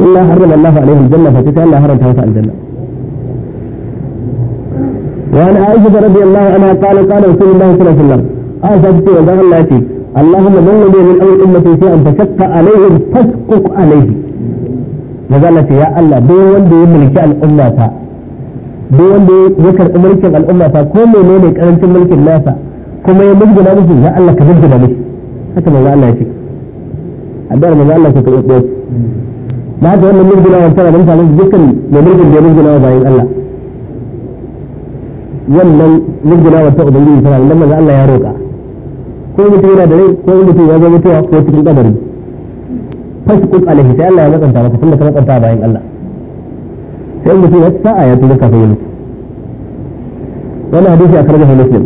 إلا حرم الله عليهم الجنة فتسأل الله حرم توسع الجنة وعن عائشة رضي الله عنها قال قال رسول الله صلى الله عليه وسلم آسفت وزغ الله اللهم من لي من أول أمة شيئا فشق عليهم فاسقط عليه وقالت يا الله دون دي ملك الأمة دون دي ذكر ملك الأمة كل ليلة كانت ملك الناس كما يمجد نفسه يا الله كمجد نفسه haka manzo Allah ya ce addu'ar manzo Allah ta karɓo ما هذا من نبي الله ورسوله من فعل ذلك من نبي الله من نبي الله الله ولن نبي الله ورسوله من فعل لما قال الله يا روكا كل متى ولا دري كل متى ولا متى أو كل متى دري فسكت عليه سأل الله ماذا تعالى فسأل الله ماذا تعالى بعين الله سأل متى يسأ آيات الله كفيل ولا حديث أخرجه مسلم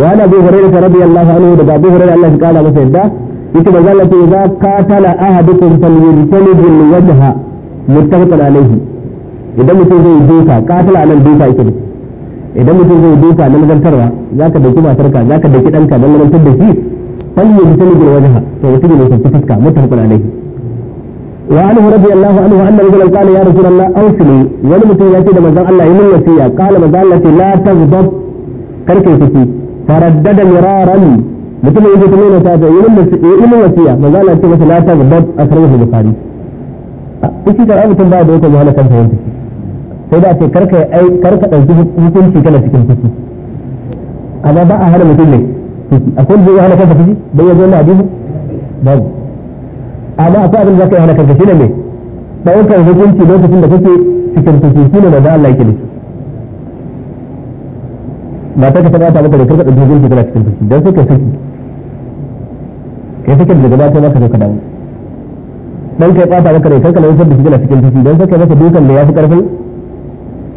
وأنا أبو هريرة رضي الله عنه وأبو هريرة الله سبحانه وتعالى yake da zalla ce za katala ahadukum falyurtalibu alwajha muttafaqan alayhi idan mutum zai duka katala anan duka yake ne idan mutum zai duka na nazartarwa zaka daki matarka zaka dauki danka dan nazartar da shi falyurtalibu alwajha to mutum ne sai fuska muttafaqan alayhi وعنه رضي الله ya أن رجلا قال يا رسول الله أوصني ولمتي يأتي لما الله يمن وسيا قال ما الله لا تغضب كركي فردد مرارا mutum yake kuma yana ta ilimin da ilimin wasiya ce masa la ta gabbab akrahu bukhari shi mutum ba da yake wahala kan fahimta sai da ce karka ai karka hukunci kana cikin amma ba a hana mutum ne fushi akwai bai na dubu babu amma akwai abin da hana kanka shine me hukunci lokacin da kake cikin fushi shine Allah yake ba ta ka tabbata maka da karka hukunci kana cikin dan sai ka kai sake daga baya kai ma ka zo ka dawo dan kai ɓata maka rai kai kana yasar da shi cikin fushi dan sai kai masa dukan da ya fi karfin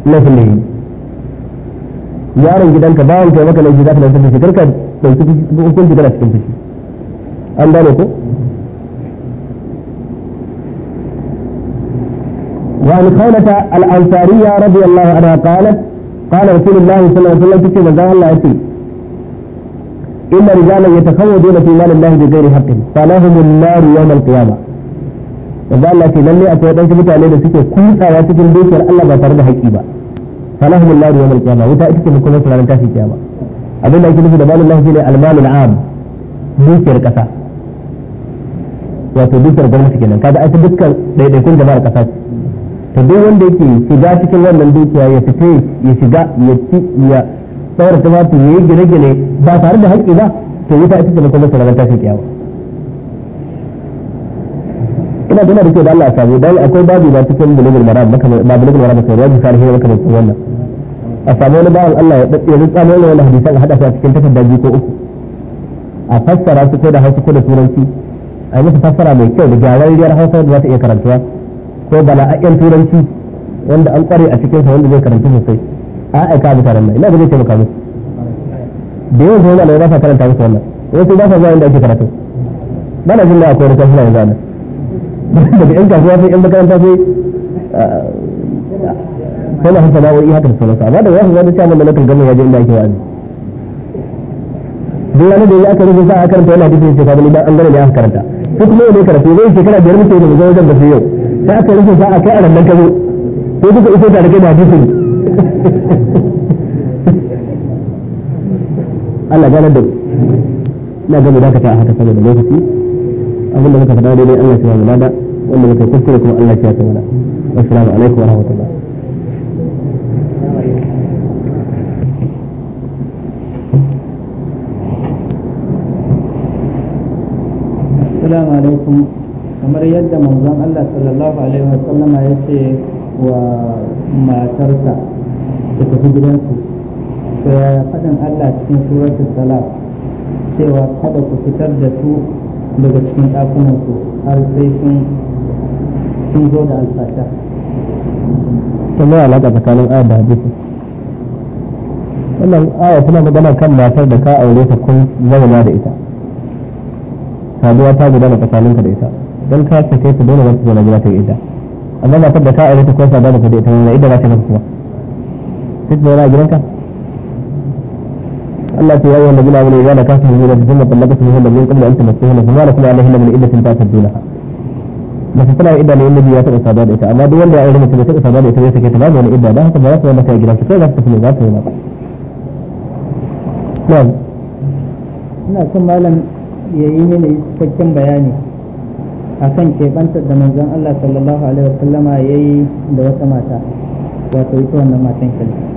laifin da yaron gidanka kai maka laifi za ka laifin da shi karka ɗauki hukunci kana cikin fushi an gane ko وعن خولة الأنصارية رضي الله عنها قالت قال رسول الله صلى الله عليه وسلم الله إن رجالا يتفوضون في مال الله بغير حق فلهم النار يوم القيامة وقال الله في لن يأتي وقت متعلي لسكي كل قواتك البيت الله بطرد حقيبا فلهم النار يوم القيامة وتأتيك من كل سلالة في القيامة أبين لك نفي دبال الله في المال العام dukiyar kasa wato dukiyar gwamnati kenan kaga ai dukkan daidaikun jama'ar kasa ce to duk wanda yake shiga cikin wannan dukiya ya fita ya shiga ya ci ya daura ta mafi yi gine-gine ba tare da haƙƙi ba to yi wuta ita ce makomar sa ranar tashin kiyama ina tuna da ke da Allah a samu dan akwai babu ba cikin bulugul maram ba bulugul maram sai ya misali ne kamar wannan a samu wani bawan Allah ya dace ya tsamo ne wannan hadisan hada su a cikin takarda biyu ko uku a fassara su ko da Hausa ko da Turanci a yi fassara mai kyau da gyararriyar Hausa da za ta iya karantuwa ko bala'ayyan Turanci wanda an kware a cikin sa wanda zai karantu sosai a aika abu taron nan ina ga zai taimaka musu da yawan zuwa ba sa karanta musu wannan wasu ba sa zuwa inda ake karatu ba jin da akwai rikon suna yanzu ana daga yan kasuwa sai yan makaranta sai sai na hasa na'o'i haka da sauransu amma da wasu zuwa cewa malakar gama ya je inda ake wa'azi duk wani da ya aka rufe sa a karanta yana hadisi sai ka ba an gane da karanta ko kuma ne karatu zai shekara biyar muke da mu wajen da su yau sai aka rufe sa a kai a rannan kazo sai duka iso tare kai da Allah gane da na ga mu dakata a haka saboda lokaci abin da muka faɗa dai Allah ya mu lada wanda muka kuskure kuma Allah ya tsamana assalamu alaikum wa rahmatullah السلام عليكم kamar yadda manzon Allah sallallahu alaihi wa sallama yace wa matarsa da tafi gidansu da faɗin Allah cikin suratul salat cewa kada ku fitar da su daga cikin ɗakunansu har sai sun zo da alfasha. Sannan alaƙa tsakanin ayat da hadisi. Wannan aya tana magana kan matar da ka aure ta kun zauna da ita. Saduwa ta gudana tsakaninka da ita. Don ka sake ta dole wata zauna gida ta ita. Amma matar da ka aure ta kun saduwa da ita wani idan za ta yi kuma. تتبع رأي جنكا الله في أيها الذين آمنوا إذا نكحتم ثم طلقتموهن من قبل أن تمسوهن فما لكم عليهن من عدة تعتدونها mace tana idda ne inda ya taɓa saba da ita amma duk wanda ya aure mace bai taɓa da ita bai sake ta babu wani idda da haka ba za ta wanda kai gidansa kai za ta tafi za ta yi ba. Ina son malam ya yi mini cikakken bayani akan keɓantar da manzon Allah sallallahu alaihi wasallama ya yi da wata mata wato ita wannan matan kenan.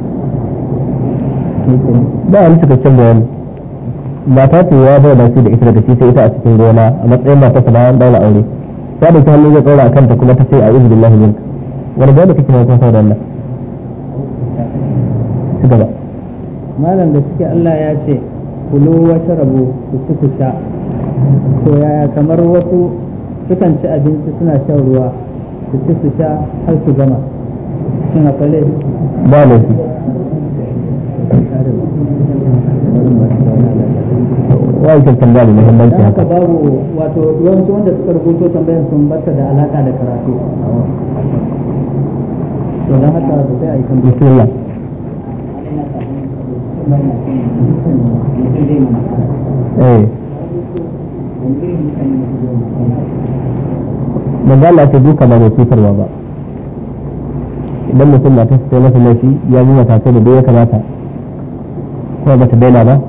ba wani cikakken bayani mata ce ya bai lafi da ita da shi sai ita a cikin gona a matsayin mata sa bayan daura aure ta da ta hannu ya tsora a kanta kuma ta ce a izu billahi min wani bai da kake mai kusa da Allah ci gaba malam da suke Allah ya ce kulu wa sharabu ku ci ku sha to yaya kamar wasu sukan ci abinci suna shan ruwa su ci su sha har su gama shin akwai ba laifi na yi kan da muhimmanci haka babu wato yawanci wanda suka rubuto tambayar sun bata da alaka da karatu to dan haka da sai a yi kan bismillah eh. ce duka ba mai cutarwa ba idan mutum na ta sai masa laifi ya yi matakai da bai ya kamata kuma bata daina ba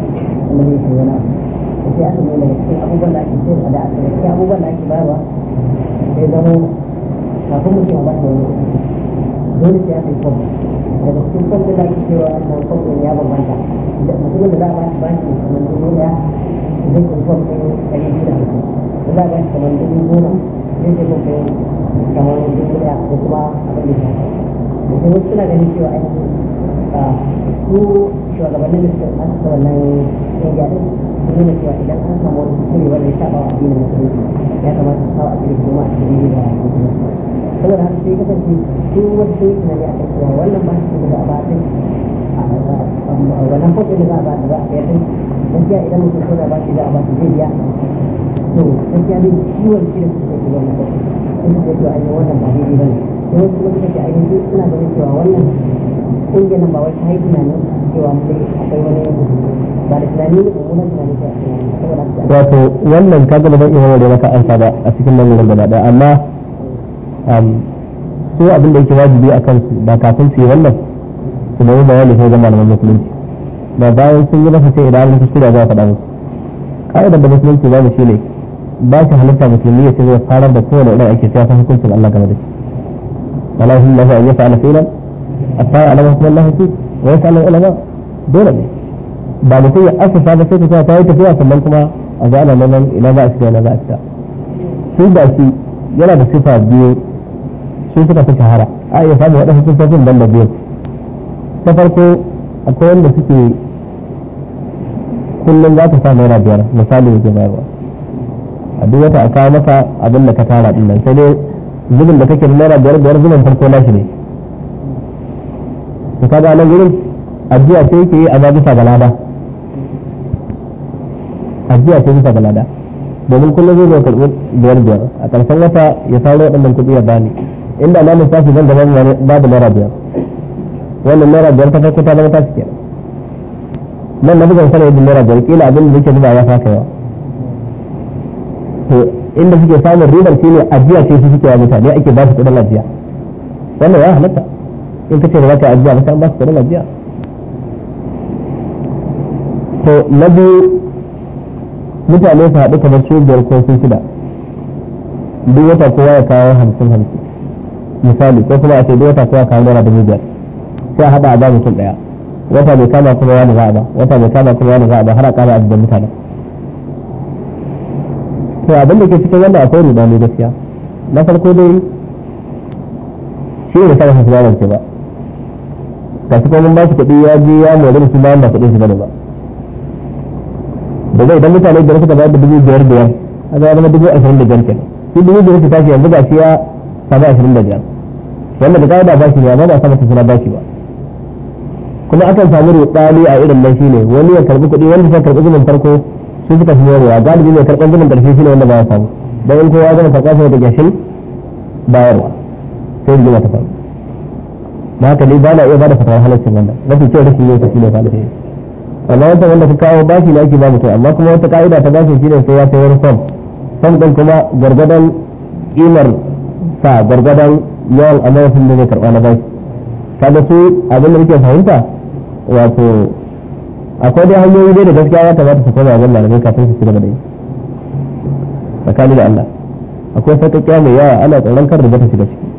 kuma zai ce wani abu sai aka cikin abubuwan da ake so a da aka cikin abubuwan da ake bayarwa sai zama kafin mutum a ba da wani dole sai aka yi fom daga cikin fom da ake cewa fom ya bambanta da mutumin da za a ba shi kamar dubu ɗaya zai ce fom ɗin ɗari biyu da hamsin da za a ba kamar dubu goma zai ce fom ɗin kamar dubu ko kuma abin da ya shafi da wasu suna ganin cewa ainihin su shugabannin da suka aka wannan shari'a su nuna cewa idan addinin musulunci ya kamata su kawo addinin kuma a cikin da musulunci saboda haka sai kasance su a kan cewa wannan ba su da ba ba a sayar da gaskiya da ba da suke ke wannan wannan ingila ba wai ta yi tunanin cewa akwai wani ba da tunani ne mummunan tunani ta wato wannan kaga ba zan iya warware maka ansa ba a cikin nan gaba daya amma um, su abin da yake wajibi a kansu ba kafin su yi wannan su nemi bayani ko zama malaman musulunci ba bayan sun yi masa sai idan an kuskure za a faɗa musu ka'idar da musulunci ba mu shi ne ba shi halitta musulmi ya ce zai farar da kowane irin ake cewa hukuncin Allah game da shi. Wallahi Allah ya fa'ala filan الطائع على ما الله فيه ويسأل العلماء dole ne ba mutum ya asasa ba sai ka cewa ta yi tafiya kuma a gane nan ina za shiga ina za a fita ba shi yana da sifa biyu su suka fi shahara a iya samun waɗansu sifofin ban da biyu ta farko akwai wanda suke kullum za ka sa naira biyar misali yake bayarwa a duk wata a kawo maka abin da ka tara sai zubin da naira biyar biyar zubin farko ne to kaga nan gurin addu'a sai ke a amma sabalada ga lada addu'a sai bisa ga domin kullum zai zo karɓi biyar biyar a ƙarshen wata ya taro waɗannan kuɗi ya bani inda na lissafi zan gaba babu naira biyar wannan naira biyar ta farko ta zama ta suke nan na bugan sanar yadda naira biyar kila abin da yake zuba ya faka yawa to inda suke samun ribar shi ne ajiya ce su suke wa mutane ake ba su kuɗin ajiya wannan ya halatta in ka ce ba za ka yi ajiya ba ta ba su kudin ajiya to na biyu mutane su haɗu kamar su biyar ko su shida duk wata kowa ya kawo hamsin hamsin misali ko kuma a ce duk wata kowa kawo naira dubu biyar sai a haɗa a ba mutum ɗaya wata bai kama kuma wani za a ba wata bai kama kuma wani za a ba har a kama ajiyar mutane to abin da ke cikin wanda akwai riba ne gaskiya na farko dai shi ne sama su ba ba ta cikin wani ba shi kuɗi ya je ya more da su bayan ba kuɗin shi bane ba da idan mutane da suka bayar da dubu biyar biyar a zai zama dubu ashirin da jan kenan shi dubu biyar ta tashi yanzu ga shi ya samu ashirin da jan wanda da kawai da bashi ne amma ba sama ta suna bashi ba kuma akan samu rudani a irin nan shine wani ya karbi kuɗi wanda suka karbi zumin farko su suka fi morewa galibi mai karɓar zumin ƙarshe shine wanda ba ya samu don in kowa zama karɓa sai da gashin bayarwa sai rigima ta faru na haka dai ba na iya bada fatawar halaccin wannan mafi kyau rashin yin shi ne ne fa alheri amma wanda wanda ka kawo bashi na ake ba mutum amma kuma wata ka'ida ta bashi shine sai ya sai wani fam fam din kuma gargadan kimar sa gargadan yawan amalafin da zai karba na bashi kaga su abin da muke fahimta wato akwai dai hanyoyi dai da gaskiya ya kamata su koma wajen malamai kafin su ci gaba da yi tsakani da Allah akwai sakakkiya mai yawa ana tsoron kar da ta shiga ciki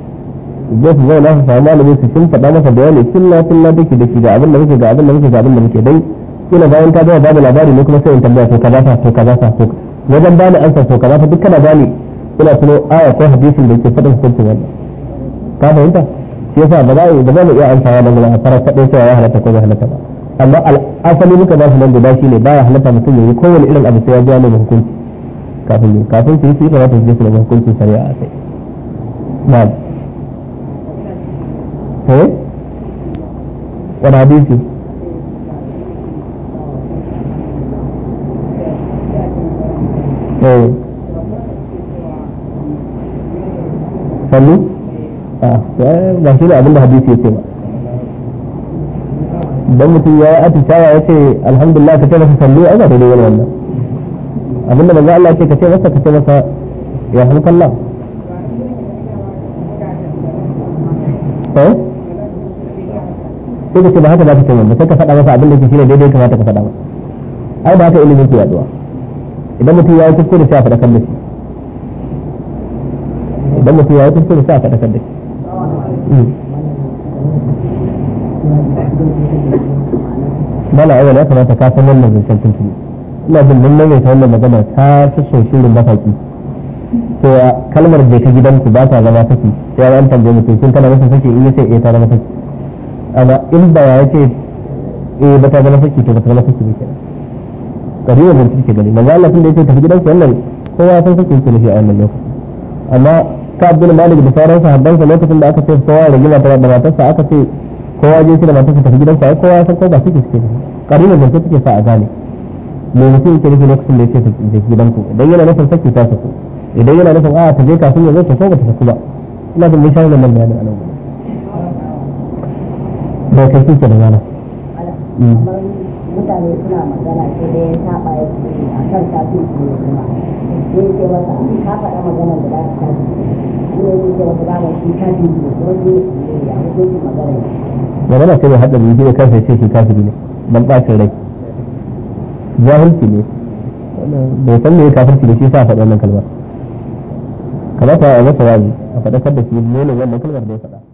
zai su zauna su samu malamin su shin faɗa masa bayani killa killa dake dake ga abin da muke ga abin da muke ga abin da muke dai kila bayan ka gama bada labari ne kuma sai in tambaya to kaza fa to kaza fa to wajen bani ansa to kaza fa duk kana bani ina tuno aya ko hadisin da ke faɗin hukuncin wannan ka fahimta shi yasa ba za ba za mu iya amsawa da gudan fara kaɗai cewa ya halatta ko bai halatta ba amma asali muka ba su nan guda shi ne ba ya halatta mutum ya yi kowane irin abu sai ya ja mai hukunci kafin kafin su yi su yi kamata su je su da hukuncin shari'a a kai na'am eh wani hadisi eh sallu ah, ba shi da abin da hadisi ya ce ba don mutum ya yi atishawa ya ce alhamdulillah ka ce masa sallu ai ba daidai wani wannan abin da manzo Allah ya ce ka ce masa ka ce masa ya halkalla eh sai ka ce ba haka za ka kai ba sai ka faɗa masa abin da ke ne daidai kamata ka faɗa masa ai ba haka ilimin ke yaduwa idan mutum ya yi kuskure sai a faɗa kan da idan mutum ya yi kuskure sai a faɗa kan da shi bala hmm. awal ya kamata ka san wannan zancen tuntun ina jin mun nan ta wannan magana ta fi son shirin mafaki sai kalmar je ka gidanku ba ta zama saki sai an tambaye mutum sun kana masa saki in ya sai eh ta zama saki amma in ba ya ce eh ba ta zama saki to ba ta zama saki ba kenan kariyar da take gani manzo Allah tun da yake tafi gidansa wannan kowa san saki yake nufi a wannan lokacin amma ka Abdul Malik da sauran sahabban sa lokacin da aka ce kowa da gima da matarsa aka ce kowa je shi da matarsa tafi gidansa ai kowa san ko ba saki suke kariyar da take sa a gane me mutum yake nufi lokacin da yake tafi gidanku idan yana nufin saki ta saku idan yana nufin a ta je kafin ya zo ta so ba ta saku ba ina da mishalin nan bayanin al'umma da kai kike da mana mm. mutane suna magana sai dai ta saba ya ce a kan tafi su ne kuma sai ce masa ka faɗa magana da za ka tafi ne ya ce wata ba shi tafi su kuma sai ya hukunci magana magana sai da haɗa biyu da kansa ce shi kafiri ne dan ɓacin rai jahilci ne bai san me kafirci da shi sa faɗa wannan kalmar ta a masa wazi a faɗakar da shi ne wannan kalmar da ya faɗa